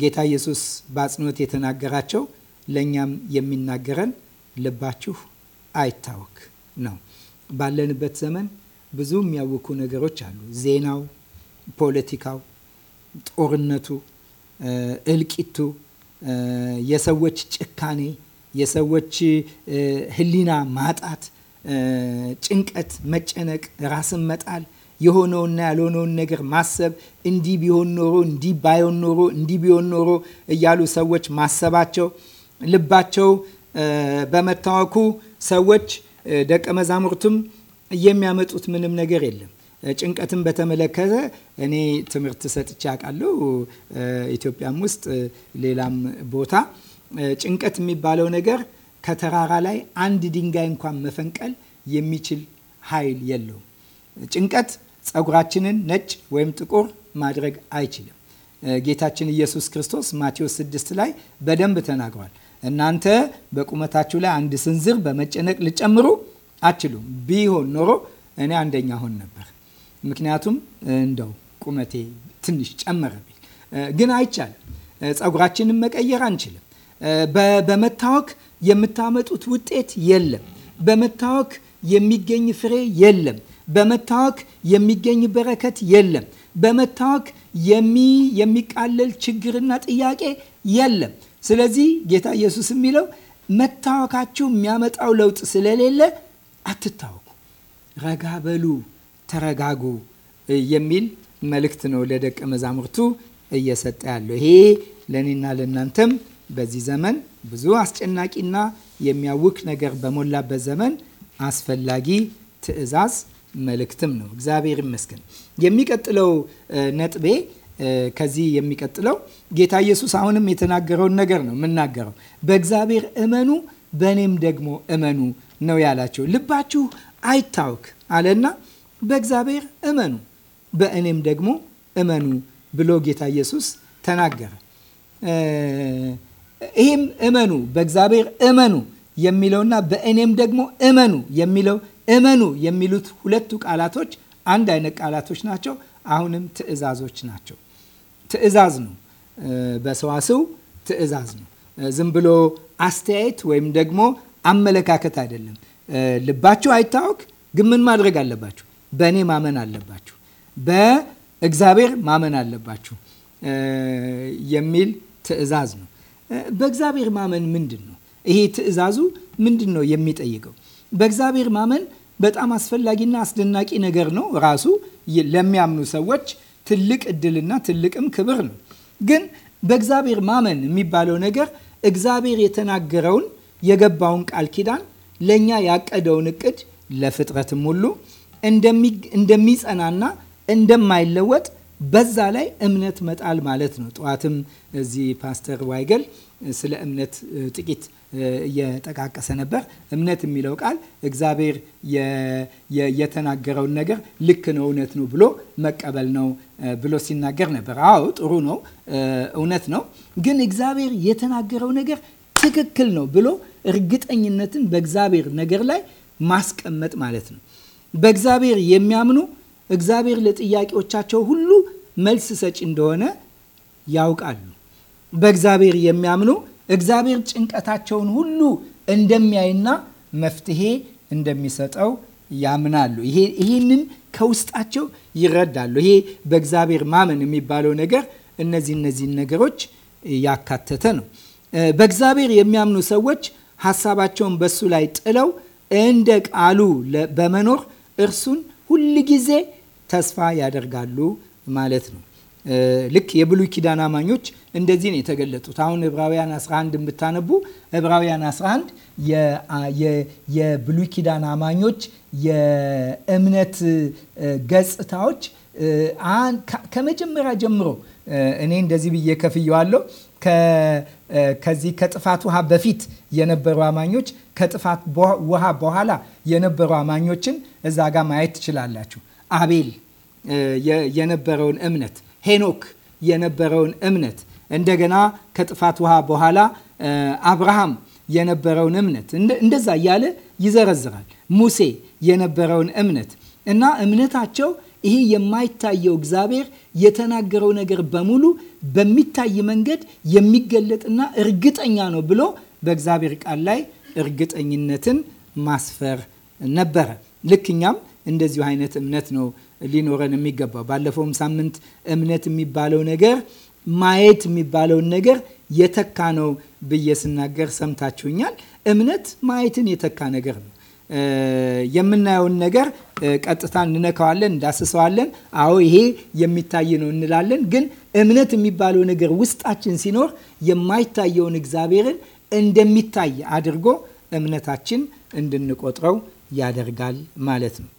ጌታ ኢየሱስ በአጽንኦት የተናገራቸው ለእኛም የሚናገረን ልባችሁ አይታወክ ነው። ባለንበት ዘመን ብዙ የሚያውኩ ነገሮች አሉ። ዜናው፣ ፖለቲካው፣ ጦርነቱ፣ እልቂቱ፣ የሰዎች ጭካኔ፣ የሰዎች ህሊና ማጣት፣ ጭንቀት፣ መጨነቅ፣ ራስን መጣል የሆነውና ያልሆነውን ነገር ማሰብ እንዲህ ቢሆን ኖሮ እንዲህ ባይሆን ኖሮ እንዲህ ቢሆን ኖሮ እያሉ ሰዎች ማሰባቸው ልባቸው በመታወኩ ሰዎች ደቀ መዛሙርቱም የሚያመጡት ምንም ነገር የለም። ጭንቀትን በተመለከተ እኔ ትምህርት ሰጥቼ አውቃለሁ። ኢትዮጵያም ውስጥ ሌላም ቦታ ጭንቀት የሚባለው ነገር ከተራራ ላይ አንድ ድንጋይ እንኳን መፈንቀል የሚችል ኃይል የለውም። ጭንቀት ጸጉራችንን ነጭ ወይም ጥቁር ማድረግ አይችልም። ጌታችን ኢየሱስ ክርስቶስ ማቴዎስ 6 ላይ በደንብ ተናግሯል። እናንተ በቁመታችሁ ላይ አንድ ስንዝር በመጨነቅ ልጨምሩ አትችሉም። ቢሆን ኖሮ እኔ አንደኛ ሆን ነበር። ምክንያቱም እንደው ቁመቴ ትንሽ ጨመረ ቢል ግን አይቻልም። ጸጉራችንን መቀየር አንችልም። በመታወክ የምታመጡት ውጤት የለም። በመታወክ የሚገኝ ፍሬ የለም። በመታወክ የሚገኝ በረከት የለም። በመታወክ የሚቃለል ችግርና ጥያቄ የለም። ስለዚህ ጌታ ኢየሱስ የሚለው መታወካችሁ የሚያመጣው ለውጥ ስለሌለ አትታወቁ፣ ረጋ በሉ፣ ተረጋጉ የሚል መልእክት ነው ለደቀ መዛሙርቱ እየሰጠ ያለው። ይሄ ለእኔና ለእናንተም በዚህ ዘመን ብዙ አስጨናቂና የሚያውክ ነገር በሞላበት ዘመን አስፈላጊ ትዕዛዝ መልእክትም ነው። እግዚአብሔር ይመስገን። የሚቀጥለው ነጥቤ ከዚህ የሚቀጥለው ጌታ ኢየሱስ አሁንም የተናገረውን ነገር ነው የምናገረው። በእግዚአብሔር እመኑ፣ በእኔም ደግሞ እመኑ ነው ያላቸው። ልባችሁ አይታወክ አለና በእግዚአብሔር እመኑ፣ በእኔም ደግሞ እመኑ ብሎ ጌታ ኢየሱስ ተናገረ። ይህም እመኑ በእግዚአብሔር እመኑ የሚለውና በእኔም ደግሞ እመኑ የሚለው እመኑ የሚሉት ሁለቱ ቃላቶች አንድ አይነት ቃላቶች ናቸው። አሁንም ትዕዛዞች ናቸው። ትዕዛዝ ነው። በሰዋስው ትዕዛዝ ነው። ዝም ብሎ አስተያየት ወይም ደግሞ አመለካከት አይደለም። ልባችሁ አይታወክ፣ ግን ምን ማድረግ አለባችሁ? በእኔ ማመን አለባችሁ፣ በእግዚአብሔር ማመን አለባችሁ የሚል ትዕዛዝ ነው። በእግዚአብሔር ማመን ምንድን ነው? ይሄ ትዕዛዙ ምንድን ነው የሚጠይቀው? በእግዚአብሔር ማመን በጣም አስፈላጊና አስደናቂ ነገር ነው። ራሱ ለሚያምኑ ሰዎች ትልቅ እድልና ትልቅም ክብር ነው። ግን በእግዚአብሔር ማመን የሚባለው ነገር እግዚአብሔር የተናገረውን የገባውን ቃል ኪዳን ለእኛ ያቀደውን እቅድ ለፍጥረትም ሁሉ እንደሚጸናና እንደማይለወጥ በዛ ላይ እምነት መጣል ማለት ነው። ጠዋትም እዚህ ፓስተር ዋይገል ስለ እምነት ጥቂት እየጠቃቀሰ ነበር። እምነት የሚለው ቃል እግዚአብሔር የተናገረውን ነገር ልክ ነው፣ እውነት ነው ብሎ መቀበል ነው ብሎ ሲናገር ነበር። አዎ ጥሩ ነው፣ እውነት ነው። ግን እግዚአብሔር የተናገረው ነገር ትክክል ነው ብሎ እርግጠኝነትን በእግዚአብሔር ነገር ላይ ማስቀመጥ ማለት ነው። በእግዚአብሔር የሚያምኑ እግዚአብሔር ለጥያቄዎቻቸው ሁሉ መልስ ሰጪ እንደሆነ ያውቃሉ። በእግዚአብሔር የሚያምኑ እግዚአብሔር ጭንቀታቸውን ሁሉ እንደሚያይና መፍትሄ እንደሚሰጠው ያምናሉ። ይህንን ከውስጣቸው ይረዳሉ። ይሄ በእግዚአብሔር ማመን የሚባለው ነገር እነዚህ እነዚህን ነገሮች ያካተተ ነው። በእግዚአብሔር የሚያምኑ ሰዎች ሀሳባቸውን በሱ ላይ ጥለው እንደ ቃሉ በመኖር እርሱን ጊዜ ተስፋ ያደርጋሉ ማለት ነው። ልክ የብሉይ ኪዳን አማኞች እንደዚህ ነው የተገለጡት። አሁን ዕብራውያን 11 የምታነቡ ዕብራውያን 11 የብሉይ ኪዳን አማኞች የእምነት ገጽታዎች ከመጀመሪያ ጀምሮ እኔ እንደዚህ ብዬ ከፍየዋለሁ። ከዚህ ከጥፋት ውሃ በፊት የነበሩ አማኞች ከጥፋት ውሃ በኋላ የነበሩ አማኞችን እዛ ጋር ማየት ትችላላችሁ። አቤል የነበረውን እምነት ሄኖክ የነበረውን እምነት እንደገና ከጥፋት ውሃ በኋላ አብርሃም የነበረውን እምነት እንደዛ እያለ ይዘረዝራል። ሙሴ የነበረውን እምነት እና እምነታቸው ይሄ የማይታየው እግዚአብሔር የተናገረው ነገር በሙሉ በሚታይ መንገድ የሚገለጥና እርግጠኛ ነው ብሎ በእግዚአብሔር ቃል ላይ እርግጠኝነትን ማስፈር ነበረ። ልክኛም እንደዚሁ አይነት እምነት ነው ሊኖረን የሚገባው። ባለፈውም ሳምንት እምነት የሚባለው ነገር ማየት የሚባለውን ነገር የተካ ነው ብዬ ስናገር ሰምታችሁኛል። እምነት ማየትን የተካ ነገር ነው። የምናየውን ነገር ቀጥታ እንነካዋለን፣ እንዳስሰዋለን። አዎ ይሄ የሚታይ ነው እንላለን። ግን እምነት የሚባለው ነገር ውስጣችን ሲኖር የማይታየውን እግዚአብሔርን እንደሚታይ አድርጎ እምነታችን እንድንቆጥረው ያደርጋል ማለት ነው።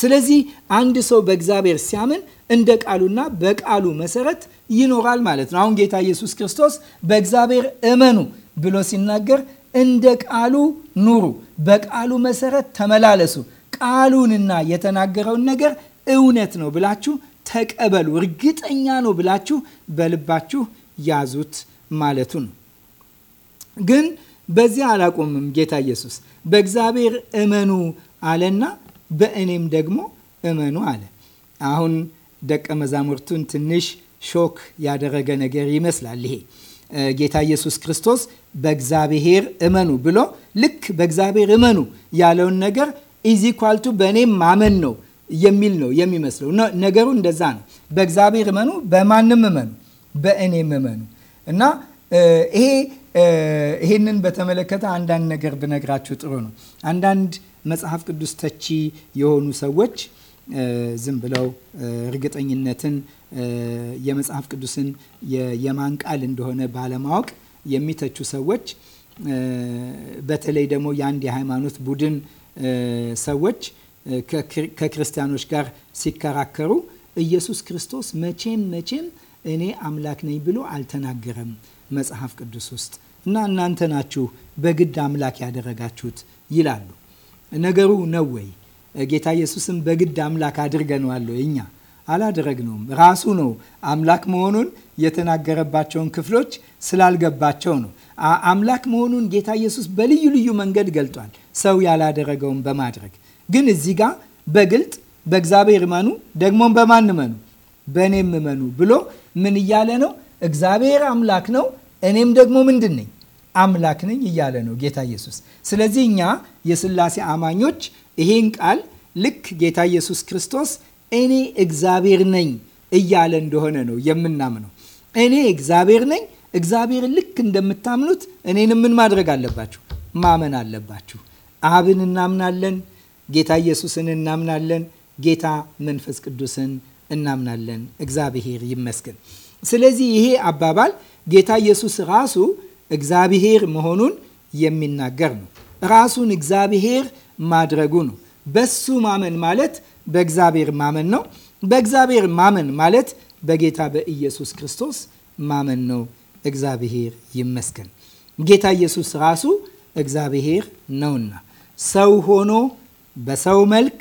ስለዚህ አንድ ሰው በእግዚአብሔር ሲያምን እንደ ቃሉና በቃሉ መሰረት ይኖራል ማለት ነው። አሁን ጌታ ኢየሱስ ክርስቶስ በእግዚአብሔር እመኑ ብሎ ሲናገር እንደ ቃሉ ኑሩ፣ በቃሉ መሰረት ተመላለሱ፣ ቃሉንና የተናገረውን ነገር እውነት ነው ብላችሁ ተቀበሉ፣ እርግጠኛ ነው ብላችሁ በልባችሁ ያዙት ማለቱ ነው። ግን በዚህ አላቆምም። ጌታ ኢየሱስ በእግዚአብሔር እመኑ አለና በእኔም ደግሞ እመኑ አለ። አሁን ደቀ መዛሙርቱን ትንሽ ሾክ ያደረገ ነገር ይመስላል ይሄ ጌታ ኢየሱስ ክርስቶስ በእግዚአብሔር እመኑ ብሎ ልክ በእግዚአብሔር እመኑ ያለውን ነገር ኢዚ ኳልቱ በእኔም ማመን ነው የሚል ነው የሚመስለው። ነገሩ እንደዛ ነው። በእግዚአብሔር እመኑ፣ በማንም እመኑ፣ በእኔም እመኑ እና ይሄ ይሄንን በተመለከተ አንዳንድ ነገር ብነግራችሁ ጥሩ ነው። አንዳንድ መጽሐፍ ቅዱስ ተቺ የሆኑ ሰዎች ዝም ብለው እርግጠኝነትን የመጽሐፍ ቅዱስን የማንቃል እንደሆነ ባለማወቅ የሚተቹ ሰዎች በተለይ ደግሞ የአንድ የሃይማኖት ቡድን ሰዎች ከክርስቲያኖች ጋር ሲከራከሩ ኢየሱስ ክርስቶስ መቼም መቼም እኔ አምላክ ነኝ ብሎ አልተናገረም መጽሐፍ ቅዱስ ውስጥ እና እናንተ ናችሁ በግድ አምላክ ያደረጋችሁት ይላሉ። ነገሩ ነው ወይ? ጌታ ኢየሱስን በግድ አምላክ አድርገነዋል ወይ? እኛ አላደረግነውም። ራሱ ነው አምላክ መሆኑን የተናገረባቸውን ክፍሎች ስላልገባቸው ነው። አምላክ መሆኑን ጌታ ኢየሱስ በልዩ ልዩ መንገድ ገልጧል፣ ሰው ያላደረገውን በማድረግ ግን እዚህ ጋር በግልጥ በእግዚአብሔር እመኑ ደግሞም በማን እመኑ በእኔም እመኑ ብሎ ምን እያለ ነው? እግዚአብሔር አምላክ ነው፣ እኔም ደግሞ ምንድን ነኝ አምላክ ነኝ እያለ ነው ጌታ ኢየሱስ። ስለዚህ እኛ የስላሴ አማኞች ይሄን ቃል ልክ ጌታ ኢየሱስ ክርስቶስ እኔ እግዚአብሔር ነኝ እያለ እንደሆነ ነው የምናምነው። እኔ እግዚአብሔር ነኝ። እግዚአብሔር ልክ እንደምታምኑት እኔን ምን ማድረግ አለባችሁ? ማመን አለባችሁ። አብን እናምናለን፣ ጌታ ኢየሱስን እናምናለን፣ ጌታ መንፈስ ቅዱስን እናምናለን። እግዚአብሔር ይመስገን። ስለዚህ ይሄ አባባል ጌታ ኢየሱስ ራሱ እግዚአብሔር መሆኑን የሚናገር ነው። ራሱን እግዚአብሔር ማድረጉ ነው። በሱ ማመን ማለት በእግዚአብሔር ማመን ነው። በእግዚአብሔር ማመን ማለት በጌታ በኢየሱስ ክርስቶስ ማመን ነው። እግዚአብሔር ይመስገን። ጌታ ኢየሱስ ራሱ እግዚአብሔር ነውና ሰው ሆኖ በሰው መልክ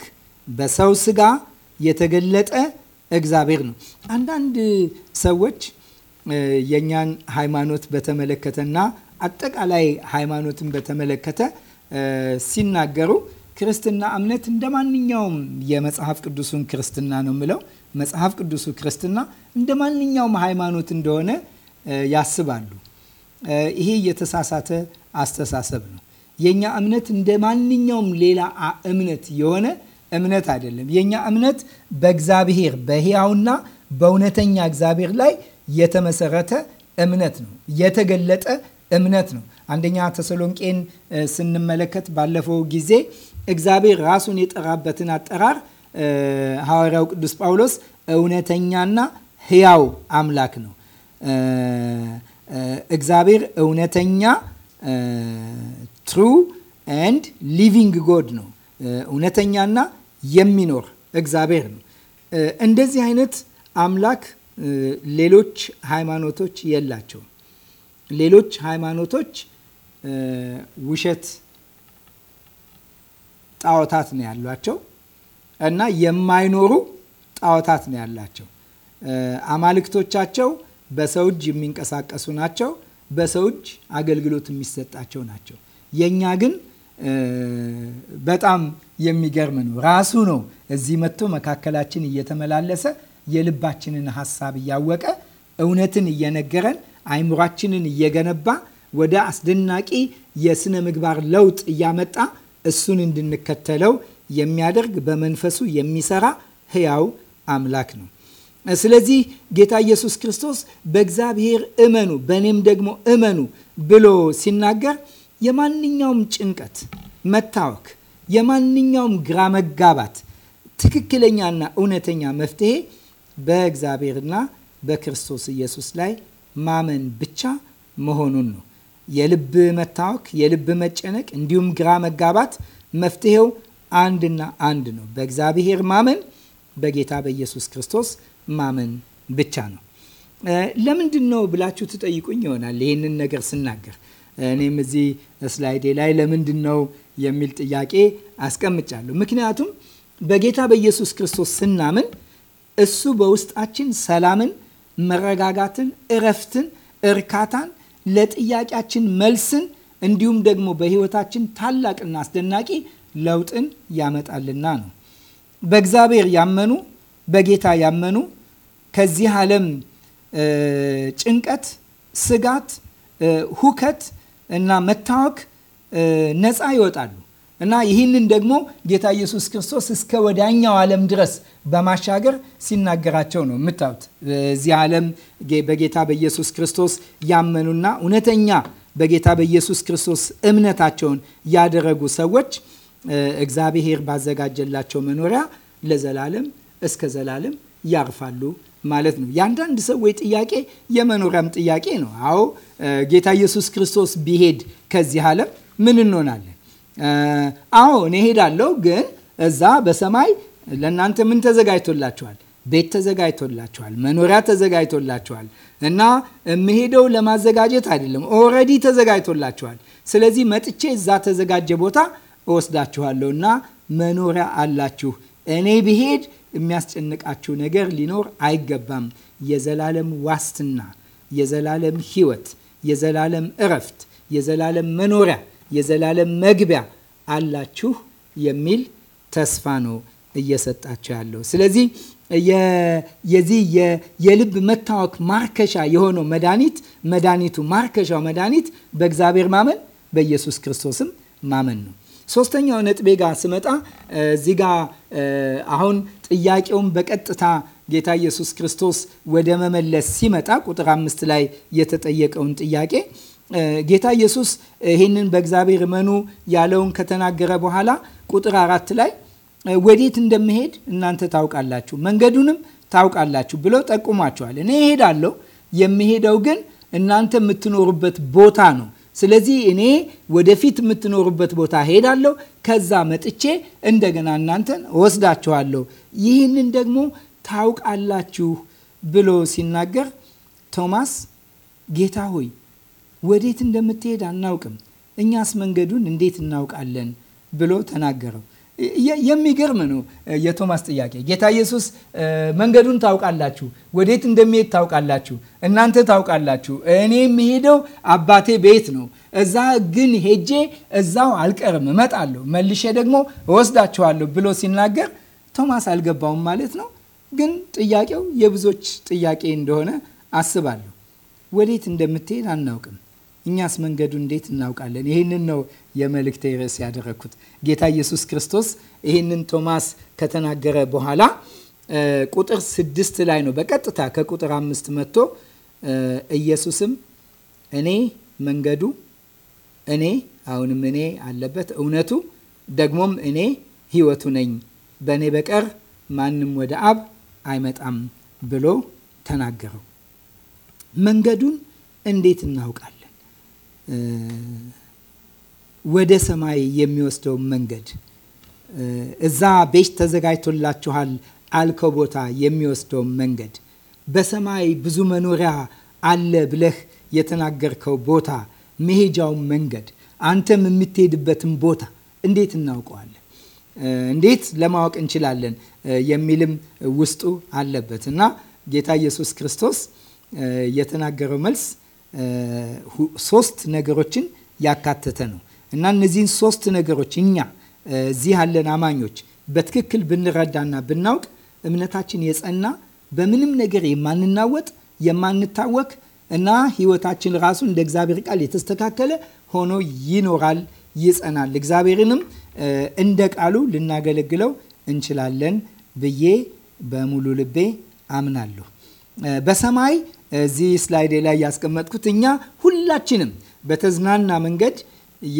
በሰው ስጋ የተገለጠ እግዚአብሔር ነው። አንዳንድ ሰዎች የእኛን ሃይማኖት በተመለከተና አጠቃላይ ሃይማኖትን በተመለከተ ሲናገሩ ክርስትና እምነት እንደ ማንኛውም የመጽሐፍ ቅዱሱን ክርስትና ነው የምለው። መጽሐፍ ቅዱሱ ክርስትና እንደ ማንኛውም ሃይማኖት እንደሆነ ያስባሉ። ይሄ የተሳሳተ አስተሳሰብ ነው። የእኛ እምነት እንደ ማንኛውም ሌላ እምነት የሆነ እምነት አይደለም። የእኛ እምነት በእግዚአብሔር በሕያውና በእውነተኛ እግዚአብሔር ላይ የተመሰረተ እምነት ነው። የተገለጠ እምነት ነው። አንደኛ ተሰሎንቄን ስንመለከት ባለፈው ጊዜ እግዚአብሔር ራሱን የጠራበትን አጠራር ሐዋርያው ቅዱስ ጳውሎስ እውነተኛና ሕያው አምላክ ነው። እግዚአብሔር እውነተኛ ትሩ ኤንድ ሊቪንግ ጎድ ነው። እውነተኛና የሚኖር እግዚአብሔር ነው። እንደዚህ አይነት አምላክ ሌሎች ሃይማኖቶች የላቸውም። ሌሎች ሃይማኖቶች ውሸት ጣዖታት ነው ያሏቸው እና የማይኖሩ ጣዖታት ነው ያላቸው። አማልክቶቻቸው በሰው እጅ የሚንቀሳቀሱ ናቸው። በሰው እጅ አገልግሎት የሚሰጣቸው ናቸው። የእኛ ግን በጣም የሚገርም ነው። ራሱ ነው እዚህ መጥቶ መካከላችን እየተመላለሰ የልባችንን ሀሳብ እያወቀ እውነትን እየነገረን አይምሯችንን እየገነባ ወደ አስደናቂ የስነ ምግባር ለውጥ እያመጣ እሱን እንድንከተለው የሚያደርግ በመንፈሱ የሚሰራ ህያው አምላክ ነው። ስለዚህ ጌታ ኢየሱስ ክርስቶስ በእግዚአብሔር እመኑ በእኔም ደግሞ እመኑ ብሎ ሲናገር የማንኛውም ጭንቀት፣ መታወክ፣ የማንኛውም ግራ መጋባት ትክክለኛና እውነተኛ መፍትሄ በእግዚአብሔርና በክርስቶስ ኢየሱስ ላይ ማመን ብቻ መሆኑን ነው። የልብ መታወክ፣ የልብ መጨነቅ እንዲሁም ግራ መጋባት መፍትሄው አንድና አንድ ነው። በእግዚአብሔር ማመን፣ በጌታ በኢየሱስ ክርስቶስ ማመን ብቻ ነው። ለምንድን ነው ብላችሁ ትጠይቁኝ ይሆናል ይህንን ነገር ስናገር። እኔም እዚህ ስላይዴ ላይ ለምንድን ነው የሚል ጥያቄ አስቀምጫለሁ። ምክንያቱም በጌታ በኢየሱስ ክርስቶስ ስናምን እሱ በውስጣችን ሰላምን፣ መረጋጋትን፣ እረፍትን፣ እርካታን፣ ለጥያቄያችን መልስን እንዲሁም ደግሞ በህይወታችን ታላቅና አስደናቂ ለውጥን ያመጣልና ነው። በእግዚአብሔር ያመኑ በጌታ ያመኑ ከዚህ ዓለም ጭንቀት፣ ስጋት፣ ሁከት እና መታወክ ነፃ ይወጣሉ እና ይህንን ደግሞ ጌታ ኢየሱስ ክርስቶስ እስከ ወዲያኛው ዓለም ድረስ በማሻገር ሲናገራቸው ነው የምታዩት። እዚህ ዓለም በጌታ በኢየሱስ ክርስቶስ ያመኑና እውነተኛ በጌታ በኢየሱስ ክርስቶስ እምነታቸውን ያደረጉ ሰዎች እግዚአብሔር ባዘጋጀላቸው መኖሪያ ለዘላለም እስከ ዘላለም ያርፋሉ ማለት ነው። የአንዳንድ ሰዎች ጥያቄ የመኖሪያም ጥያቄ ነው። አዎ ጌታ ኢየሱስ ክርስቶስ ቢሄድ ከዚህ ዓለም ምን እንሆናለን? አዎ እኔ ሄዳለሁ፣ ግን እዛ በሰማይ ለእናንተ ምን ተዘጋጅቶላችኋል? ቤት ተዘጋጅቶላችኋል፣ መኖሪያ ተዘጋጅቶላችኋል። እና የምሄደው ለማዘጋጀት አይደለም፣ ኦረዲ ተዘጋጅቶላችኋል። ስለዚህ መጥቼ እዛ ተዘጋጀ ቦታ እወስዳችኋለሁ እና መኖሪያ አላችሁ። እኔ ብሄድ የሚያስጨንቃችሁ ነገር ሊኖር አይገባም። የዘላለም ዋስትና፣ የዘላለም ህይወት የዘላለም እረፍት፣ የዘላለም መኖሪያ፣ የዘላለም መግቢያ አላችሁ የሚል ተስፋ ነው እየሰጣቸው ያለው። ስለዚህ የዚህ የልብ መታወክ ማርከሻ የሆነው መድኃኒት መድኃኒቱ ማርከሻው መድኃኒት በእግዚአብሔር ማመን በኢየሱስ ክርስቶስም ማመን ነው። ሶስተኛው ነጥቤ ጋር ስመጣ እዚህ ጋ አሁን ጥያቄውን በቀጥታ ጌታ ኢየሱስ ክርስቶስ ወደ መመለስ ሲመጣ ቁጥር አምስት ላይ የተጠየቀውን ጥያቄ ጌታ ኢየሱስ ይህንን በእግዚአብሔር እመኑ ያለውን ከተናገረ በኋላ ቁጥር አራት ላይ ወዴት እንደምሄድ እናንተ ታውቃላችሁ፣ መንገዱንም ታውቃላችሁ ብሎ ጠቁሟቸዋል። እኔ እሄዳለሁ፣ የምሄደው ግን እናንተ የምትኖሩበት ቦታ ነው። ስለዚህ እኔ ወደፊት የምትኖሩበት ቦታ እሄዳለሁ፣ ከዛ መጥቼ እንደገና እናንተን ወስዳችኋለሁ። ይህንን ደግሞ ታውቃላችሁ ብሎ ሲናገር ቶማስ ጌታ ሆይ ወዴት እንደምትሄድ አናውቅም፣ እኛስ መንገዱን እንዴት እናውቃለን ብሎ ተናገረው። የሚገርም ነው የቶማስ ጥያቄ። ጌታ ኢየሱስ መንገዱን ታውቃላችሁ፣ ወዴት እንደሚሄድ ታውቃላችሁ፣ እናንተ ታውቃላችሁ። እኔ የምሄደው አባቴ ቤት ነው። እዛ ግን ሄጄ እዛው አልቀርም፣ እመጣለሁ፣ መልሼ ደግሞ እወስዳችኋለሁ ብሎ ሲናገር ቶማስ አልገባውም ማለት ነው። ግን ጥያቄው የብዙዎች ጥያቄ እንደሆነ አስባለሁ። ወዴት እንደምትሄድ አናውቅም። እኛስ መንገዱ እንዴት እናውቃለን? ይህንን ነው የመልእክቴ ርዕስ ያደረግኩት። ጌታ ኢየሱስ ክርስቶስ ይህንን ቶማስ ከተናገረ በኋላ ቁጥር ስድስት ላይ ነው በቀጥታ ከቁጥር አምስት መጥቶ ኢየሱስም እኔ መንገዱ እኔ አሁንም እኔ አለበት እውነቱ ደግሞም እኔ ህይወቱ ነኝ በእኔ በቀር ማንም ወደ አብ አይመጣም ብሎ ተናገረው። መንገዱን እንዴት እናውቃል? ወደ ሰማይ የሚወስደው መንገድ እዛ ቤት ተዘጋጅቶላችኋል አልከው ቦታ የሚወስደው መንገድ በሰማይ ብዙ መኖሪያ አለ ብለህ የተናገርከው ቦታ መሄጃውን መንገድ አንተም የምትሄድበትን ቦታ እንዴት እናውቀዋለን? እንዴት ለማወቅ እንችላለን? የሚልም ውስጡ አለበት እና ጌታ ኢየሱስ ክርስቶስ የተናገረው መልስ ሶስት ነገሮችን ያካተተ ነው እና እነዚህን ሶስት ነገሮች እኛ እዚህ ያለን አማኞች በትክክል ብንረዳና ብናውቅ እምነታችን የጸና በምንም ነገር የማንናወጥ የማንታወክ እና ህይወታችን ራሱ እንደ እግዚአብሔር ቃል የተስተካከለ ሆኖ ይኖራል፣ ይጸናል። እግዚአብሔርንም እንደ ቃሉ ልናገለግለው እንችላለን ብዬ በሙሉ ልቤ አምናለሁ። በሰማይ እዚህ ስላይዴ ላይ ያስቀመጥኩት እኛ ሁላችንም በተዝናና መንገድ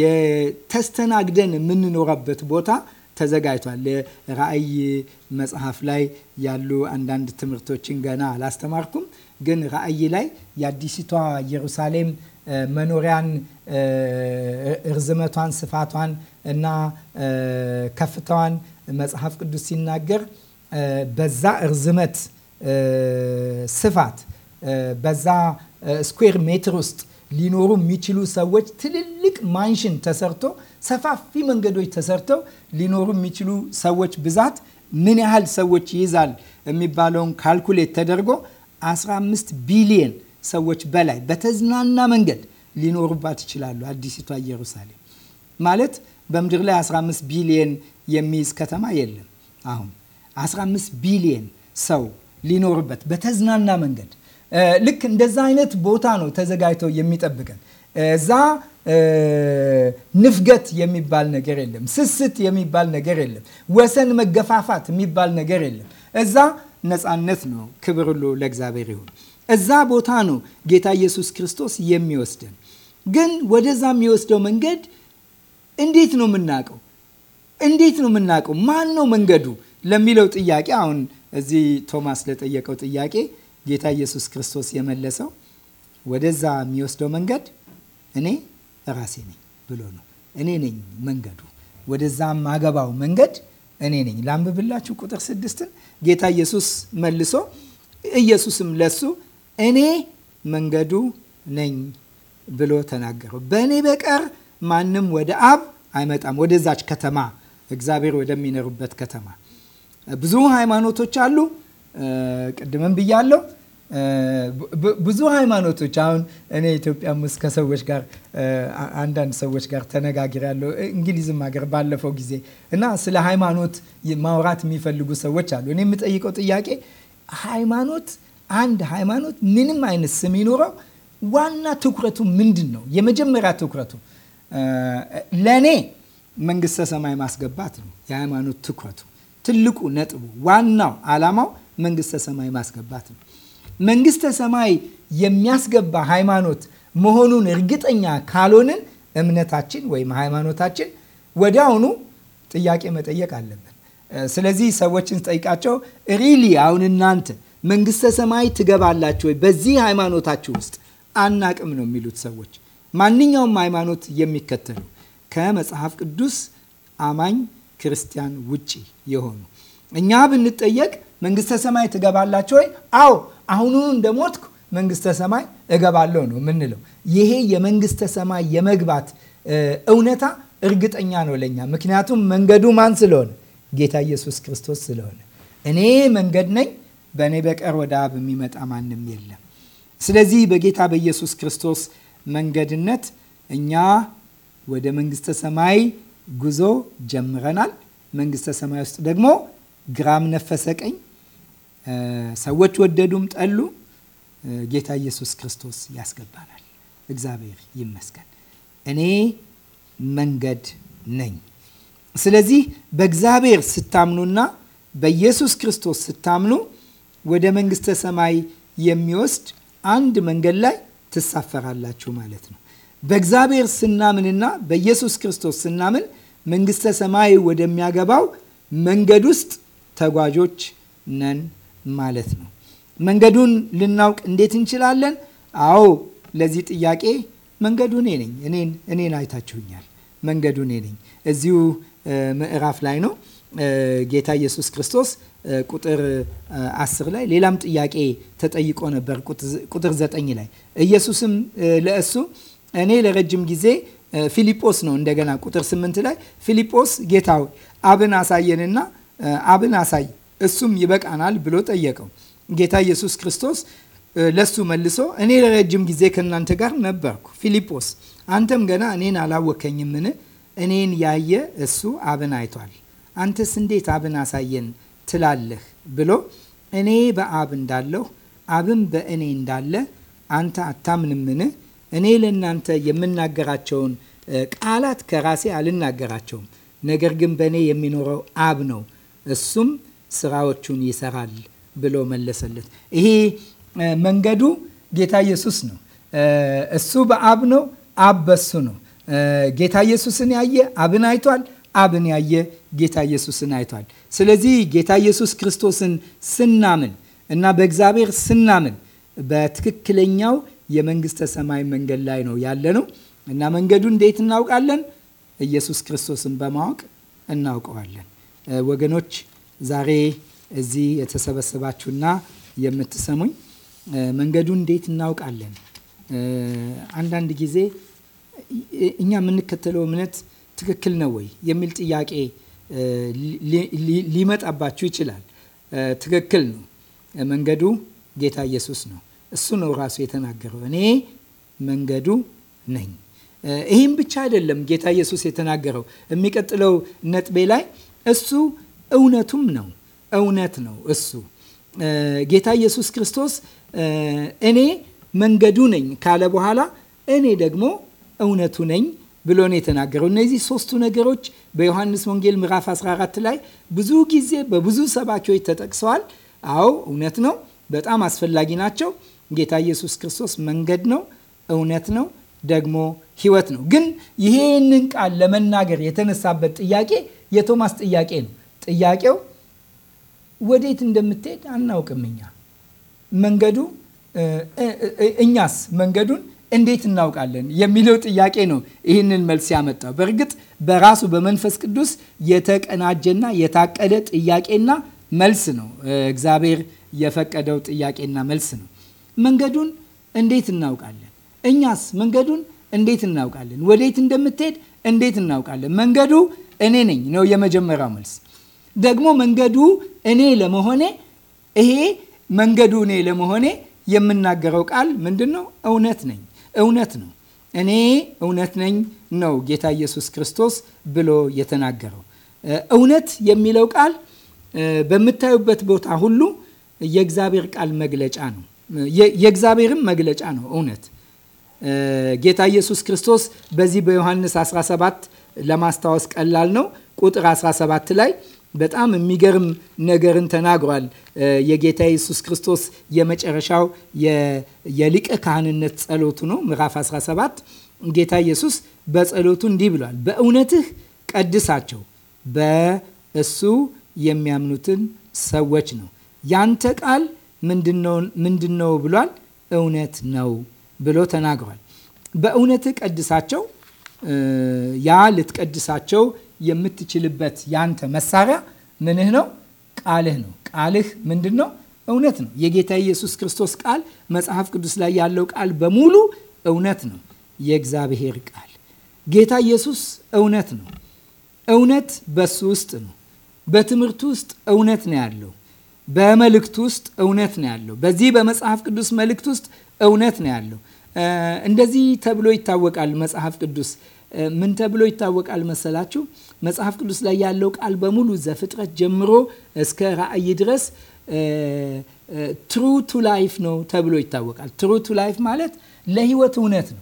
የተስተናግደን የምንኖረበት ቦታ ተዘጋጅቷል። ራእይ መጽሐፍ ላይ ያሉ አንዳንድ ትምህርቶችን ገና አላስተማርኩም፣ ግን ራእይ ላይ የአዲሲቷ ኢየሩሳሌም መኖሪያን እርዝመቷን፣ ስፋቷን እና ከፍታዋን መጽሐፍ ቅዱስ ሲናገር በዛ እርዝመት ስፋት በዛ ስኩዌር ሜትር ውስጥ ሊኖሩ የሚችሉ ሰዎች ትልልቅ ማንሽን ተሰርቶ ሰፋፊ መንገዶች ተሰርተው ሊኖሩ የሚችሉ ሰዎች ብዛት ምን ያህል ሰዎች ይይዛል የሚባለውን ካልኩሌት ተደርጎ 15 ቢሊየን ሰዎች በላይ በተዝናና መንገድ ሊኖሩባት ይችላሉ። አዲሲቷ ኢየሩሳሌም ማለት በምድር ላይ 15 ቢሊየን የሚይዝ ከተማ የለም። አሁን 15 ቢሊየን ሰው ሊኖርበት በተዝናና መንገድ ልክ እንደዛ አይነት ቦታ ነው ተዘጋጅቶ የሚጠብቀን። እዛ ንፍገት የሚባል ነገር የለም። ስስት የሚባል ነገር የለም። ወሰን መገፋፋት የሚባል ነገር የለም። እዛ ነፃነት ነው። ክብር ሁሉ ለእግዚአብሔር ይሁን። እዛ ቦታ ነው ጌታ ኢየሱስ ክርስቶስ የሚወስደን። ግን ወደዛ የሚወስደው መንገድ እንዴት ነው የምናውቀው? እንዴት ነው የምናውቀው? ማን ነው መንገዱ ለሚለው ጥያቄ አሁን እዚህ ቶማስ ለጠየቀው ጥያቄ ጌታ ኢየሱስ ክርስቶስ የመለሰው ወደዛ የሚወስደው መንገድ እኔ ራሴ ነኝ ብሎ ነው። እኔ ነኝ መንገዱ፣ ወደዛ ማገባው መንገድ እኔ ነኝ። ላንብብላችሁ ቁጥር ስድስትን ጌታ ኢየሱስ መልሶ ኢየሱስም ለሱ እኔ መንገዱ ነኝ ብሎ ተናገረው። በእኔ በቀር ማንም ወደ አብ አይመጣም። ወደዛች ከተማ እግዚአብሔር ወደሚኖሩበት ከተማ ብዙ ሃይማኖቶች አሉ። ቅድምም ብያለሁ። ብዙ ሃይማኖቶች አሁን እኔ ኢትዮጵያም ውስጥ ከሰዎች ጋር አንዳንድ ሰዎች ጋር ተነጋግሬያለሁ። እንግሊዝም ሀገር ባለፈው ጊዜ እና ስለ ሃይማኖት ማውራት የሚፈልጉ ሰዎች አሉ። እኔ የምጠይቀው ጥያቄ ሃይማኖት አንድ ሃይማኖት ምንም አይነት ስም ይኖረው ዋና ትኩረቱ ምንድን ነው? የመጀመሪያ ትኩረቱ ለእኔ መንግስተ ሰማይ ማስገባት ነው። የሃይማኖት ትኩረቱ ትልቁ ነጥቡ፣ ዋናው ዓላማው መንግስተ ሰማይ ማስገባት ነው። መንግስተ ሰማይ የሚያስገባ ሃይማኖት መሆኑን እርግጠኛ ካልሆንን እምነታችን ወይም ሃይማኖታችን ወዲያውኑ ጥያቄ መጠየቅ አለብን። ስለዚህ ሰዎችን ስጠይቃቸው ሪሊ አሁን እናንተ መንግስተ ሰማይ ትገባላችሁ ወይ በዚህ ሃይማኖታችሁ ውስጥ አናቅም ነው የሚሉት ሰዎች። ማንኛውም ሃይማኖት የሚከተሉ ከመጽሐፍ ቅዱስ አማኝ ክርስቲያን ውጪ የሆኑ እኛ ብንጠየቅ መንግስተ ሰማይ ትገባላችሁ ወይ? አዎ አሁኑኑ እንደሞትኩ መንግስተ ሰማይ እገባለሁ ነው የምንለው። ይሄ የመንግስተ ሰማይ የመግባት እውነታ እርግጠኛ ነው ለኛ። ምክንያቱም መንገዱ ማን ስለሆነ? ጌታ ኢየሱስ ክርስቶስ ስለሆነ እኔ መንገድ ነኝ፣ በእኔ በቀር ወደ አብ የሚመጣ ማንም የለም። ስለዚህ በጌታ በኢየሱስ ክርስቶስ መንገድነት እኛ ወደ መንግስተ ሰማይ ጉዞ ጀምረናል። መንግስተ ሰማይ ውስጥ ደግሞ ግራም ነፈሰ ቀኝ ሰዎች ወደዱም ጠሉ፣ ጌታ ኢየሱስ ክርስቶስ ያስገባናል። እግዚአብሔር ይመስገን። እኔ መንገድ ነኝ። ስለዚህ በእግዚአብሔር ስታምኑና በኢየሱስ ክርስቶስ ስታምኑ ወደ መንግስተ ሰማይ የሚወስድ አንድ መንገድ ላይ ትሳፈራላችሁ ማለት ነው። በእግዚአብሔር ስናምንና በኢየሱስ ክርስቶስ ስናምን መንግስተ ሰማይ ወደሚያገባው መንገድ ውስጥ ተጓዦች ነን ማለት ነው። መንገዱን ልናውቅ እንዴት እንችላለን? አዎ ለዚህ ጥያቄ መንገዱ እኔ ነኝ። እኔን እኔን አይታችሁኛል። መንገዱ እኔ ነኝ። እዚሁ ምዕራፍ ላይ ነው ጌታ ኢየሱስ ክርስቶስ ቁጥር 10 ላይ ሌላም ጥያቄ ተጠይቆ ነበር። ቁጥር 9 ላይ ኢየሱስም ለእሱ እኔ ለረጅም ጊዜ ፊልጶስ ነው እንደገና ቁጥር 8 ላይ ፊልጶስ ጌታ አብን አሳየንና አብን አሳይ እሱም ይበቃናል ብሎ ጠየቀው። ጌታ ኢየሱስ ክርስቶስ ለሱ መልሶ እኔ ለረጅም ጊዜ ከእናንተ ጋር ነበርኩ፣ ፊልጶስ አንተም ገና እኔን አላወከኝምን? እኔን ያየ እሱ አብን አይቷል። አንተስ እንዴት አብን አሳየን ትላለህ? ብሎ እኔ በአብ እንዳለሁ አብን በእኔ እንዳለ አንተ አታምንምን? እኔ ለእናንተ የምናገራቸውን ቃላት ከራሴ አልናገራቸውም፣ ነገር ግን በእኔ የሚኖረው አብ ነው፣ እሱም ስራዎቹን ይሰራል ብሎ መለሰለት። ይሄ መንገዱ ጌታ ኢየሱስ ነው። እሱ በአብ ነው፣ አብ በሱ ነው። ጌታ ኢየሱስን ያየ አብን አይቷል፣ አብን ያየ ጌታ ኢየሱስን አይቷል። ስለዚህ ጌታ ኢየሱስ ክርስቶስን ስናምን እና በእግዚአብሔር ስናምን በትክክለኛው የመንግስተ ሰማይ መንገድ ላይ ነው ያለ ነው እና መንገዱ እንዴት እናውቃለን? ኢየሱስ ክርስቶስን በማወቅ እናውቀዋለን ወገኖች ዛሬ እዚህ የተሰበሰባችሁና የምትሰሙኝ መንገዱን እንዴት እናውቃለን? አንዳንድ ጊዜ እኛ የምንከተለው እምነት ትክክል ነው ወይ የሚል ጥያቄ ሊመጣባችሁ ይችላል። ትክክል ነው። መንገዱ ጌታ ኢየሱስ ነው። እሱ ነው ራሱ የተናገረው እኔ መንገዱ ነኝ። ይህም ብቻ አይደለም ጌታ ኢየሱስ የተናገረው። የሚቀጥለው ነጥቤ ላይ እሱ እውነቱም ነው። እውነት ነው እሱ ጌታ ኢየሱስ ክርስቶስ እኔ መንገዱ ነኝ ካለ በኋላ እኔ ደግሞ እውነቱ ነኝ ብሎ ነው የተናገረው። እነዚህ ሶስቱ ነገሮች በዮሐንስ ወንጌል ምዕራፍ 14 ላይ ብዙ ጊዜ በብዙ ሰባኪዎች ተጠቅሰዋል። አዎ እውነት ነው፣ በጣም አስፈላጊ ናቸው። ጌታ ኢየሱስ ክርስቶስ መንገድ ነው፣ እውነት ነው፣ ደግሞ ህይወት ነው። ግን ይሄንን ቃል ለመናገር የተነሳበት ጥያቄ የቶማስ ጥያቄ ነው። ጥያቄው ወዴት እንደምትሄድ አናውቅም። እኛ መንገዱ እኛስ መንገዱን እንዴት እናውቃለን የሚለው ጥያቄ ነው ይህንን መልስ ያመጣው። በእርግጥ በራሱ በመንፈስ ቅዱስ የተቀናጀና የታቀደ ጥያቄና መልስ ነው። እግዚአብሔር የፈቀደው ጥያቄና መልስ ነው። መንገዱን እንዴት እናውቃለን? እኛስ መንገዱን እንዴት እናውቃለን? ወዴት እንደምትሄድ እንዴት እናውቃለን? መንገዱ እኔ ነኝ ነው የመጀመሪያው መልስ። ደግሞ መንገዱ እኔ ለመሆኔ ይሄ መንገዱ እኔ ለመሆኔ የምናገረው ቃል ምንድን ነው? እውነት ነኝ። እውነት ነው። እኔ እውነት ነኝ ነው ጌታ ኢየሱስ ክርስቶስ ብሎ የተናገረው። እውነት የሚለው ቃል በምታዩበት ቦታ ሁሉ የእግዚአብሔር ቃል መግለጫ ነው። የእግዚአብሔርም መግለጫ ነው እውነት። ጌታ ኢየሱስ ክርስቶስ በዚህ በዮሐንስ 17 ለማስታወስ ቀላል ነው። ቁጥር 17 ላይ በጣም የሚገርም ነገርን ተናግሯል። የጌታ ኢየሱስ ክርስቶስ የመጨረሻው የሊቀ ካህንነት ጸሎቱ ነው። ምዕራፍ 17 ጌታ ኢየሱስ በጸሎቱ እንዲህ ብሏል። በእውነትህ ቀድሳቸው በእሱ የሚያምኑትን ሰዎች ነው። ያንተ ቃል ምንድን ነው ብሏል፣ እውነት ነው ብሎ ተናግሯል። በእውነትህ ቀድሳቸው ያ ልትቀድሳቸው የምትችልበት ያንተ መሳሪያ ምንህ ነው? ቃልህ ነው። ቃልህ ምንድን ነው? እውነት ነው። የጌታ ኢየሱስ ክርስቶስ ቃል መጽሐፍ ቅዱስ ላይ ያለው ቃል በሙሉ እውነት ነው። የእግዚአብሔር ቃል ጌታ ኢየሱስ እውነት ነው። እውነት በሱ ውስጥ ነው። በትምህርቱ ውስጥ እውነት ነው ያለው። በመልእክቱ ውስጥ እውነት ነው ያለው። በዚህ በመጽሐፍ ቅዱስ መልእክት ውስጥ እውነት ነው ያለው። እንደዚህ ተብሎ ይታወቃል መጽሐፍ ቅዱስ ምን ተብሎ ይታወቃል መሰላችሁ? መጽሐፍ ቅዱስ ላይ ያለው ቃል በሙሉ ዘፍጥረት ጀምሮ እስከ ራእይ ድረስ ትሩ ቱ ላይፍ ነው ተብሎ ይታወቃል። ትሩ ቱ ላይፍ ማለት ለህይወት እውነት ነው።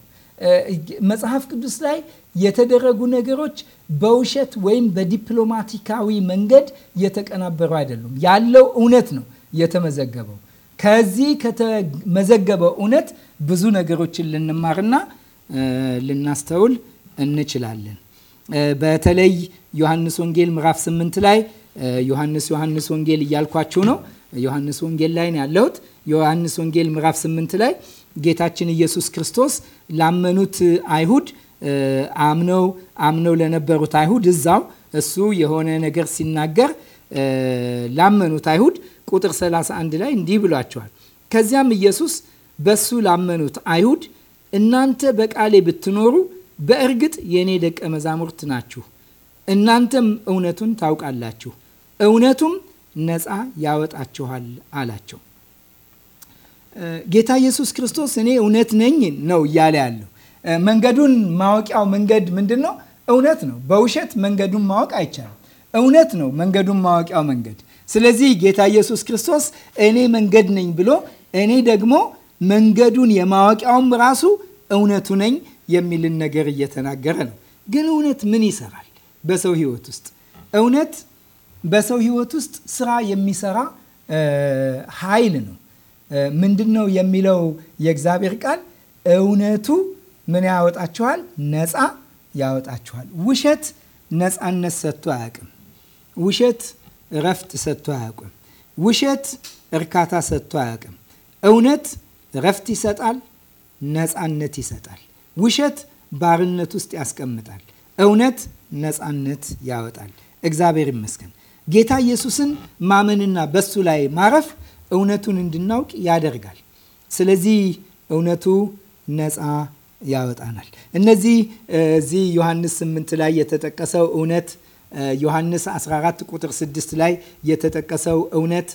መጽሐፍ ቅዱስ ላይ የተደረጉ ነገሮች በውሸት ወይም በዲፕሎማቲካዊ መንገድ የተቀናበሩ አይደሉም። ያለው እውነት ነው የተመዘገበው። ከዚህ ከተመዘገበው እውነት ብዙ ነገሮችን ልንማርና ልናስተውል እንችላለን። በተለይ ዮሐንስ ወንጌል ምዕራፍ 8 ላይ ዮሐንስ ዮሐንስ ወንጌል እያልኳችሁ ነው። ዮሐንስ ወንጌል ላይ ነው ያለሁት። ዮሐንስ ወንጌል ምዕራፍ 8 ላይ ጌታችን ኢየሱስ ክርስቶስ ላመኑት አይሁድ አምነው አምነው ለነበሩት አይሁድ እዛው እሱ የሆነ ነገር ሲናገር ላመኑት አይሁድ ቁጥር 31 ላይ እንዲህ ብሏቸዋል። ከዚያም ኢየሱስ በሱ ላመኑት አይሁድ እናንተ በቃሌ ብትኖሩ በእርግጥ የእኔ ደቀ መዛሙርት ናችሁ፣ እናንተም እውነቱን ታውቃላችሁ፣ እውነቱም ነፃ ያወጣችኋል አላቸው። ጌታ ኢየሱስ ክርስቶስ እኔ እውነት ነኝ ነው እያለ ያለው። መንገዱን ማወቂያው መንገድ ምንድን ነው? እውነት ነው። በውሸት መንገዱን ማወቅ አይቻልም። እውነት ነው መንገዱን ማወቂያው መንገድ። ስለዚህ ጌታ ኢየሱስ ክርስቶስ እኔ መንገድ ነኝ ብሎ እኔ ደግሞ መንገዱን የማወቂያውም ራሱ እውነቱ ነኝ የሚልን ነገር እየተናገረ ነው። ግን እውነት ምን ይሰራል በሰው ህይወት ውስጥ? እውነት በሰው ህይወት ውስጥ ስራ የሚሰራ ኃይል ነው። ምንድን ነው የሚለው የእግዚአብሔር ቃል? እውነቱ ምን ያወጣችኋል? ነፃ ያወጣችኋል። ውሸት ነፃነት ሰጥቶ አያውቅም። ውሸት እረፍት ሰጥቶ አያውቅም። ውሸት እርካታ ሰጥቶ አያውቅም። እውነት እረፍት ይሰጣል፣ ነፃነት ይሰጣል። ውሸት ባርነት ውስጥ ያስቀምጣል፣ እውነት ነፃነት ያወጣል። እግዚአብሔር ይመስገን። ጌታ ኢየሱስን ማመንና በሱ ላይ ማረፍ እውነቱን እንድናውቅ ያደርጋል። ስለዚህ እውነቱ ነፃ ያወጣናል። እነዚህ እዚህ ዮሐንስ 8 ላይ የተጠቀሰው እውነት ዮሐንስ 14 ቁጥር 6 ላይ የተጠቀሰው እውነት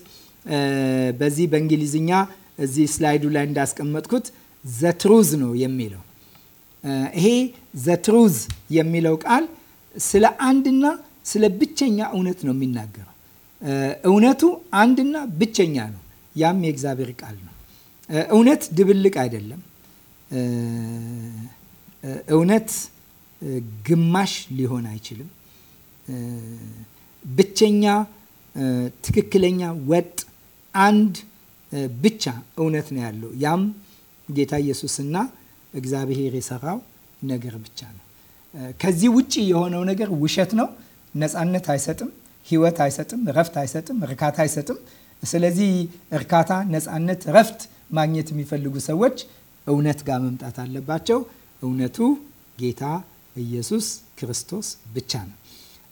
በዚህ በእንግሊዝኛ እዚህ ስላይዱ ላይ እንዳስቀመጥኩት ዘትሩዝ ነው የሚለው ይሄ ዘትሩዝ የሚለው ቃል ስለ አንድና ስለ ብቸኛ እውነት ነው የሚናገረው። እውነቱ አንድና ብቸኛ ነው። ያም የእግዚአብሔር ቃል ነው። እውነት ድብልቅ አይደለም። እውነት ግማሽ ሊሆን አይችልም። ብቸኛ፣ ትክክለኛ፣ ወጥ፣ አንድ ብቻ እውነት ነው ያለው ያም ጌታ ኢየሱስና እግዚአብሔር የሰራው ነገር ብቻ ነው። ከዚህ ውጭ የሆነው ነገር ውሸት ነው። ነፃነት አይሰጥም፣ ህይወት አይሰጥም፣ እረፍት አይሰጥም፣ እርካታ አይሰጥም። ስለዚህ እርካታ፣ ነፃነት፣ እረፍት ማግኘት የሚፈልጉ ሰዎች እውነት ጋር መምጣት አለባቸው። እውነቱ ጌታ ኢየሱስ ክርስቶስ ብቻ ነው።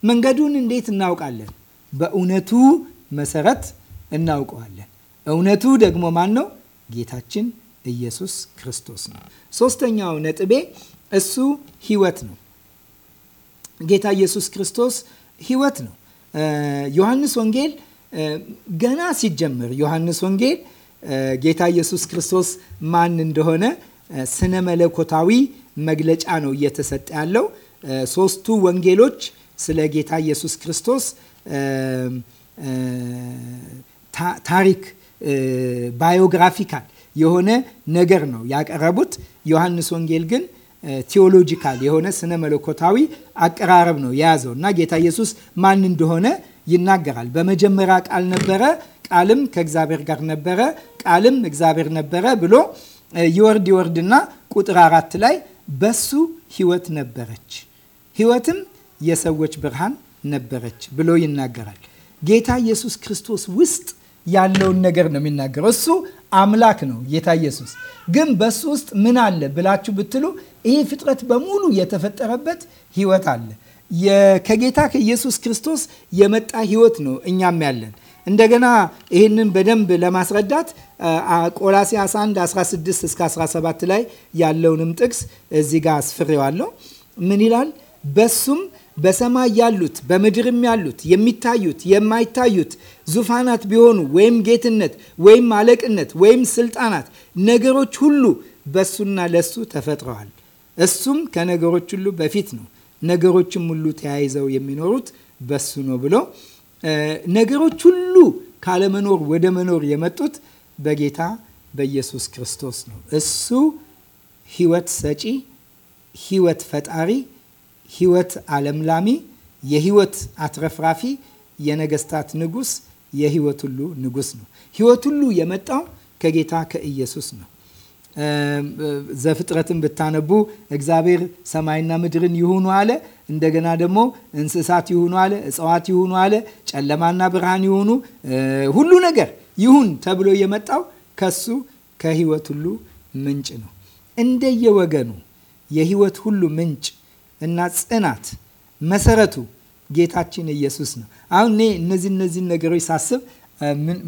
መንገዱን እንዴት እናውቃለን? በእውነቱ መሰረት እናውቀዋለን። እውነቱ ደግሞ ማን ነው? ጌታችን ኢየሱስ ክርስቶስ ነው። ሶስተኛው ነጥቤ እሱ ህይወት ነው። ጌታ ኢየሱስ ክርስቶስ ህይወት ነው። ዮሐንስ ወንጌል ገና ሲጀምር ዮሐንስ ወንጌል ጌታ ኢየሱስ ክርስቶስ ማን እንደሆነ ስነ መለኮታዊ መግለጫ ነው እየተሰጠ ያለው። ሶስቱ ወንጌሎች ስለ ጌታ ኢየሱስ ክርስቶስ ታሪክ ባዮግራፊካል የሆነ ነገር ነው ያቀረቡት። ዮሐንስ ወንጌል ግን ቴዎሎጂካል የሆነ ስነ መለኮታዊ አቀራረብ ነው የያዘው እና ጌታ ኢየሱስ ማን እንደሆነ ይናገራል። በመጀመሪያ ቃል ነበረ፣ ቃልም ከእግዚአብሔር ጋር ነበረ፣ ቃልም እግዚአብሔር ነበረ ብሎ ይወርድ ይወርድና ቁጥር አራት ላይ በሱ ህይወት ነበረች፣ ህይወትም የሰዎች ብርሃን ነበረች ብሎ ይናገራል። ጌታ ኢየሱስ ክርስቶስ ውስጥ ያለውን ነገር ነው የሚናገረው። እሱ አምላክ ነው ጌታ ኢየሱስ። ግን በሱ ውስጥ ምን አለ ብላችሁ ብትሉ ይህ ፍጥረት በሙሉ የተፈጠረበት ህይወት አለ። ከጌታ ከኢየሱስ ክርስቶስ የመጣ ህይወት ነው እኛም ያለን። እንደገና ይህንን በደንብ ለማስረዳት ቆላሲያስ 1 16 እስከ 17 ላይ ያለውንም ጥቅስ እዚህ ጋር አስፍሬዋለሁ። ምን ይላል? በሱም በሰማይ ያሉት በምድርም ያሉት የሚታዩት የማይታዩት ዙፋናት ቢሆኑ ወይም ጌትነት ወይም አለቅነት ወይም ስልጣናት፣ ነገሮች ሁሉ በእሱና ለሱ ተፈጥረዋል። እሱም ከነገሮች ሁሉ በፊት ነው፣ ነገሮችም ሁሉ ተያይዘው የሚኖሩት በሱ ነው ብሎ ነገሮች ሁሉ ካለመኖር ወደ መኖር የመጡት በጌታ በኢየሱስ ክርስቶስ ነው። እሱ ሕይወት ሰጪ፣ ሕይወት ፈጣሪ፣ ሕይወት አለምላሚ፣ የሕይወት አትረፍራፊ፣ የነገስታት ንጉስ የህይወት ሁሉ ንጉስ ነው። ህይወት ሁሉ የመጣው ከጌታ ከኢየሱስ ነው። ዘፍጥረትን ብታነቡ እግዚአብሔር ሰማይና ምድርን ይሁኑ አለ። እንደገና ደግሞ እንስሳት ይሁኑ አለ። እጽዋት ይሁኑ አለ። ጨለማና ብርሃን ይሁኑ፣ ሁሉ ነገር ይሁን ተብሎ የመጣው ከሱ ከህይወት ሁሉ ምንጭ ነው። እንደየወገኑ የህይወት ሁሉ ምንጭ እና ጽናት መሰረቱ ጌታችን ኢየሱስ ነው። አሁን እኔ እነዚህ እነዚህን ነገሮች ሳስብ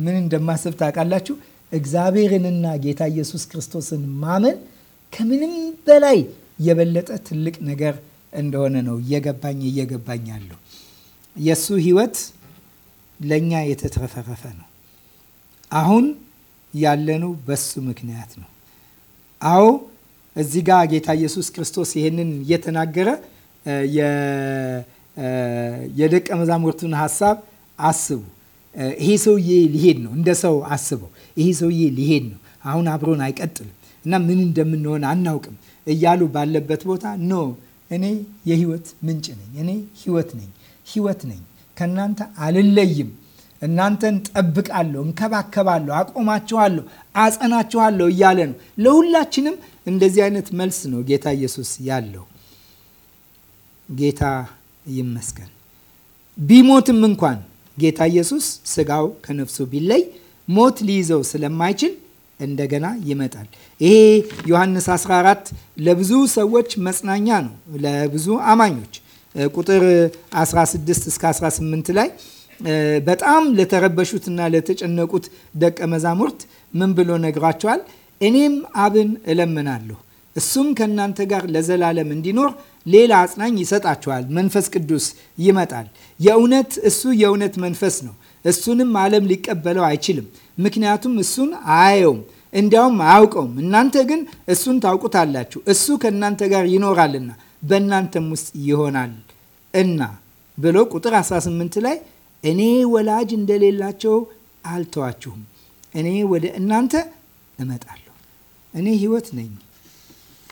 ምን እንደማስብ ታውቃላችሁ? እግዚአብሔርንና ጌታ ኢየሱስ ክርስቶስን ማመን ከምንም በላይ የበለጠ ትልቅ ነገር እንደሆነ ነው እየገባኝ እየገባኝ ያለሁ የእሱ ህይወት ለእኛ የተትረፈረፈ ነው። አሁን ያለኑ በሱ ምክንያት ነው። አዎ እዚህ ጋር ጌታ ኢየሱስ ክርስቶስ ይህንን እየተናገረ የደቀ መዛሙርቱን ሀሳብ አስቡ። ይሄ ሰውዬ ሊሄድ ነው። እንደ ሰው አስበው፣ ይሄ ሰውዬ ሊሄድ ነው፣ አሁን አብሮን አይቀጥልም እና ምን እንደምንሆን አናውቅም እያሉ ባለበት ቦታ ኖ እኔ የህይወት ምንጭ ነኝ፣ እኔ ህይወት ነኝ፣ ህይወት ነኝ፣ ከእናንተ አልለይም፣ እናንተን ጠብቃለሁ፣ እንከባከባለሁ፣ አቆማችኋለሁ፣ አጸናችኋለሁ እያለ ነው። ለሁላችንም እንደዚህ አይነት መልስ ነው ጌታ ኢየሱስ ያለው ጌታ ይመስገን። ቢሞትም እንኳን ጌታ ኢየሱስ ስጋው ከነፍሱ ቢለይ ሞት ሊይዘው ስለማይችል እንደገና ይመጣል። ይሄ ዮሐንስ 14 ለብዙ ሰዎች መጽናኛ ነው፣ ለብዙ አማኞች ቁጥር 16 እስከ 18 ላይ በጣም ለተረበሹትና ለተጨነቁት ደቀ መዛሙርት ምን ብሎ ነግሯቸዋል? እኔም አብን እለምናለሁ እሱም ከእናንተ ጋር ለዘላለም እንዲኖር ሌላ አጽናኝ ይሰጣችኋል። መንፈስ ቅዱስ ይመጣል። የእውነት እሱ የእውነት መንፈስ ነው። እሱንም ዓለም ሊቀበለው አይችልም፣ ምክንያቱም እሱን አያየውም፣ እንዲያውም አያውቀውም። እናንተ ግን እሱን ታውቁታላችሁ፣ እሱ ከእናንተ ጋር ይኖራልና በእናንተም ውስጥ ይሆናል እና ብሎ ቁጥር 18 ላይ እኔ ወላጅ እንደሌላቸው አልተዋችሁም፣ እኔ ወደ እናንተ እመጣለሁ፣ እኔ ህይወት ነኝ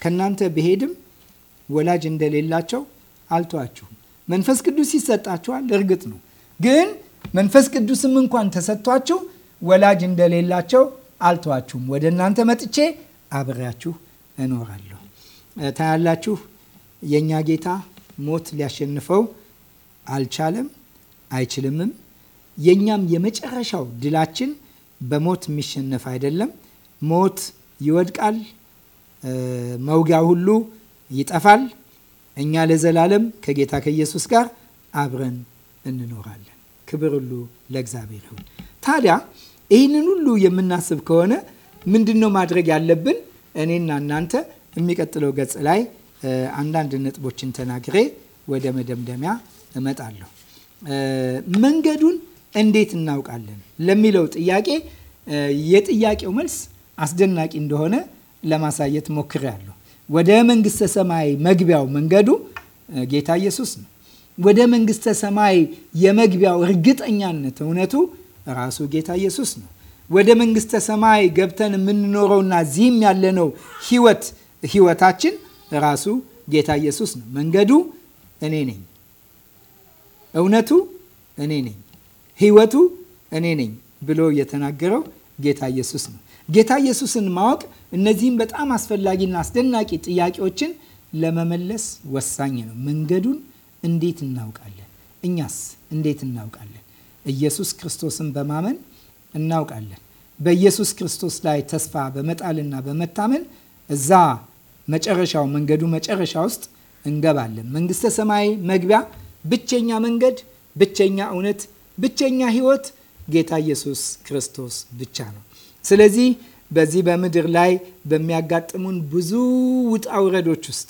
ከእናንተ ብሄድም ወላጅ እንደሌላቸው አልተዋችሁም። መንፈስ ቅዱስ ይሰጣችኋል፣ እርግጥ ነው። ግን መንፈስ ቅዱስም እንኳን ተሰጥቷችሁ ወላጅ እንደሌላቸው አልተዋችሁም። ወደ እናንተ መጥቼ አብሬያችሁ እኖራለሁ። ታያላችሁ፣ የእኛ ጌታ ሞት ሊያሸንፈው አልቻለም፣ አይችልምም። የእኛም የመጨረሻው ድላችን በሞት የሚሸነፍ አይደለም። ሞት ይወድቃል፣ መውጊያ ሁሉ ይጠፋል። እኛ ለዘላለም ከጌታ ከኢየሱስ ጋር አብረን እንኖራለን። ክብር ሁሉ ለእግዚአብሔር ይሁን። ታዲያ ይህንን ሁሉ የምናስብ ከሆነ ምንድን ነው ማድረግ ያለብን? እኔና እናንተ የሚቀጥለው ገጽ ላይ አንዳንድ ነጥቦችን ተናግሬ ወደ መደምደሚያ እመጣለሁ። መንገዱን እንዴት እናውቃለን ለሚለው ጥያቄ የጥያቄው መልስ አስደናቂ እንደሆነ ለማሳየት ሞክሬያለሁ። ወደ መንግስተ ሰማይ መግቢያው መንገዱ ጌታ ኢየሱስ ነው። ወደ መንግስተ ሰማይ የመግቢያው እርግጠኛነት እውነቱ ራሱ ጌታ ኢየሱስ ነው። ወደ መንግስተ ሰማይ ገብተን የምንኖረውና እዚህም ያለነው ህይወት ህይወታችን ራሱ ጌታ ኢየሱስ ነው። መንገዱ እኔ ነኝ፣ እውነቱ እኔ ነኝ፣ ህይወቱ እኔ ነኝ ብሎ የተናገረው ጌታ ኢየሱስ ነው። ጌታ ኢየሱስን ማወቅ እነዚህም በጣም አስፈላጊና አስደናቂ ጥያቄዎችን ለመመለስ ወሳኝ ነው። መንገዱን እንዴት እናውቃለን? እኛስ እንዴት እናውቃለን? ኢየሱስ ክርስቶስን በማመን እናውቃለን። በኢየሱስ ክርስቶስ ላይ ተስፋ በመጣልና በመታመን እዛ መጨረሻው መንገዱ መጨረሻ ውስጥ እንገባለን። መንግስተ ሰማይ መግቢያ ብቸኛ መንገድ፣ ብቸኛ እውነት፣ ብቸኛ ህይወት ጌታ ኢየሱስ ክርስቶስ ብቻ ነው። ስለዚህ በዚህ በምድር ላይ በሚያጋጥሙን ብዙ ውጣ ውረዶች ውስጥ፣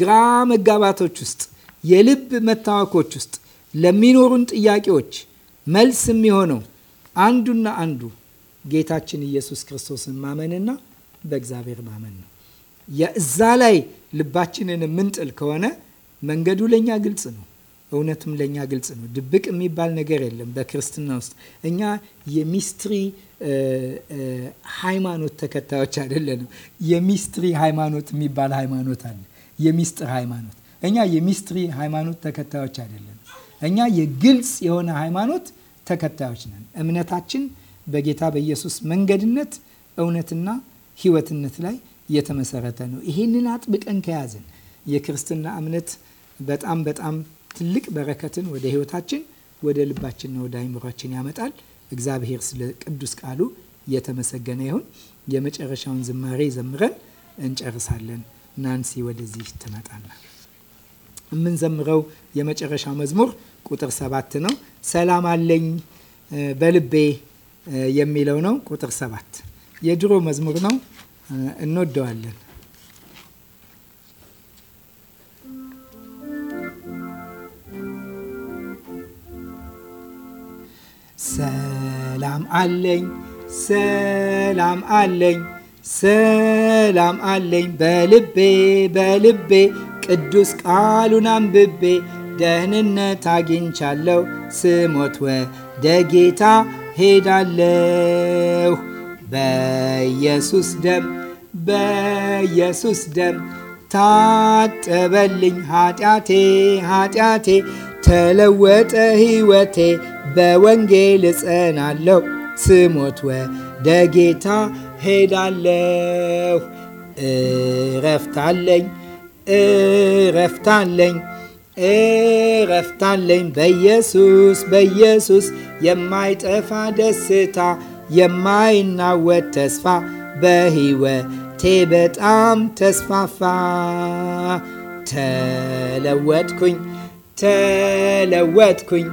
ግራ መጋባቶች ውስጥ፣ የልብ መታወኮች ውስጥ ለሚኖሩን ጥያቄዎች መልስ የሚሆነው አንዱና አንዱ ጌታችን ኢየሱስ ክርስቶስን ማመንና በእግዚአብሔር ማመን ነው። የእዛ ላይ ልባችንን የምንጥል ከሆነ መንገዱ ለእኛ ግልጽ ነው። እውነቱም ለእኛ ግልጽ ነው። ድብቅ የሚባል ነገር የለም በክርስትና ውስጥ። እኛ የሚስትሪ ሃይማኖት ተከታዮች አይደለንም። የሚስትሪ ሃይማኖት የሚባል ሃይማኖት አለ። የሚስጥር ሃይማኖት። እኛ የሚስትሪ ሃይማኖት ተከታዮች አይደለንም። እኛ የግልጽ የሆነ ሃይማኖት ተከታዮች ነን። እምነታችን በጌታ በኢየሱስ መንገድነት እውነትና ህይወትነት ላይ የተመሰረተ ነው። ይሄንን አጥብቀን ከያዝን የክርስትና እምነት በጣም በጣም ትልቅ በረከትን ወደ ህይወታችን፣ ወደ ልባችንና ወደ አይምሯችን ያመጣል። እግዚአብሔር ስለ ቅዱስ ቃሉ የተመሰገነ ይሁን። የመጨረሻውን ዝማሬ ዘምረን እንጨርሳለን። ናንሲ ወደዚህ ትመጣና የምንዘምረው የመጨረሻው መዝሙር ቁጥር ሰባት ነው። ሰላም አለኝ በልቤ የሚለው ነው። ቁጥር ሰባት የድሮ መዝሙር ነው። እንወደዋለን። ሰላም አለኝ ሰላም አለኝ ሰላም አለኝ በልቤ በልቤ ቅዱስ ቃሉን አንብቤ ደህንነት አግኝቻለሁ ስሞት ወደ ጌታ ሄዳለሁ በኢየሱስ ደም በኢየሱስ ደም ታጠበልኝ ኃጢአቴ ኃጢአቴ ተለወጠ ሕይወቴ በወንጌል እጸናለሁ ስሞት ወደ ጌታ ሄዳለሁ። እረፍታለኝ እረፍታለኝ እረፍታለኝ በኢየሱስ በኢየሱስ የማይጠፋ ደስታ የማይናወት ተስፋ በሕይወቴ በጣም ተስፋፋ። ተለወጥኩኝ ተለወጥኩኝ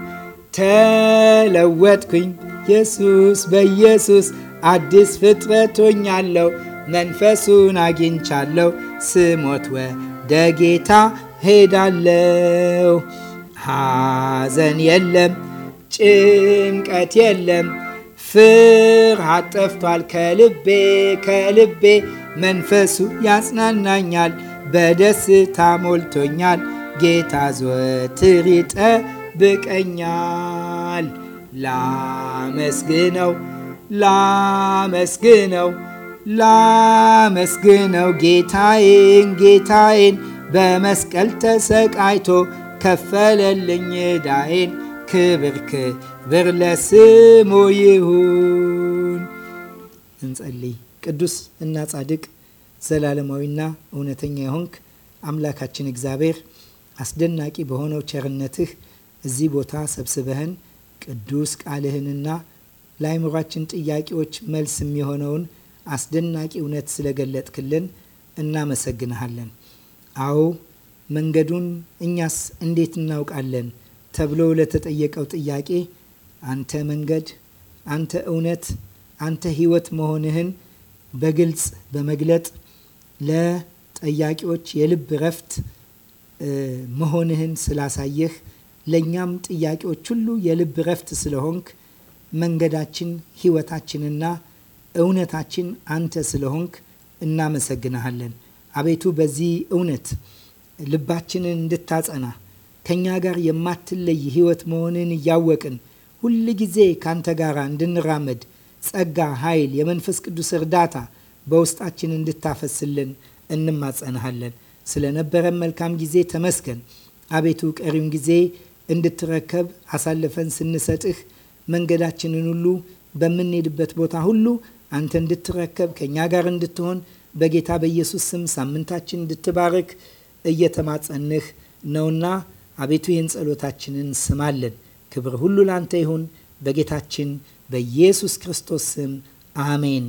ተለወጥኩኝ ኢየሱስ በኢየሱስ አዲስ ፍጥረቶኛለሁ መንፈሱን አግኝቻለሁ ስሞት ወደ ጌታ ሄዳለሁ። ሐዘን የለም፣ ጭንቀት የለም፣ ፍርሃት ጠፍቷል ከልቤ ከልቤ መንፈሱ ያጽናናኛል፣ በደስታ ሞልቶኛል። ጌታ ዘወትር ይጠብቀኛል። ላመስግነው ላመስግነው ላመስግነው ጌታዬን ጌታዬን በመስቀል ተሰቃይቶ ከፈለልኝ ዕዳዬን። ክብር ክብር ለስሙ ይሁን። እንጸልይ። ቅዱስ እና ጻድቅ ዘላለማዊና እውነተኛ የሆንክ አምላካችን እግዚአብሔር አስደናቂ በሆነው ቸርነትህ እዚህ ቦታ ሰብስበህን ቅዱስ ቃልህንና ለአይምሯችን ጥያቄዎች መልስ የሚሆነውን አስደናቂ እውነት ስለገለጥክልን እናመሰግንሃለን። አዎ መንገዱን እኛስ እንዴት እናውቃለን ተብሎ ለተጠየቀው ጥያቄ አንተ መንገድ፣ አንተ እውነት፣ አንተ ሕይወት መሆንህን በግልጽ በመግለጥ ለጠያቂዎች የልብ ረፍት መሆንህን ስላሳየህ ለእኛም ጥያቄዎች ሁሉ የልብ ረፍት ስለሆንክ መንገዳችን ህይወታችንና እውነታችን አንተ ስለሆንክ እናመሰግናሃለን አቤቱ በዚህ እውነት ልባችንን እንድታጸና ከእኛ ጋር የማትለይ ህይወት መሆንን እያወቅን ሁል ጊዜ ከአንተ ጋር እንድንራመድ ጸጋ፣ ኃይል፣ የመንፈስ ቅዱስ እርዳታ በውስጣችን እንድታፈስልን እንማጸናሃለን። ስለነበረን መልካም ጊዜ ተመስገን። አቤቱ ቀሪውን ጊዜ እንድትረከብ አሳልፈን ስንሰጥህ መንገዳችንን ሁሉ በምንሄድበት ቦታ ሁሉ አንተ እንድትረከብ ከእኛ ጋር እንድትሆን በጌታ በኢየሱስ ስም ሳምንታችን እንድትባርክ እየተማጸንህ ነውና አቤቱ ይህን ጸሎታችንን ስማለን። ክብር ሁሉ ላንተ ይሁን። በጌታችን በኢየሱስ ክርስቶስ ስም አሜን።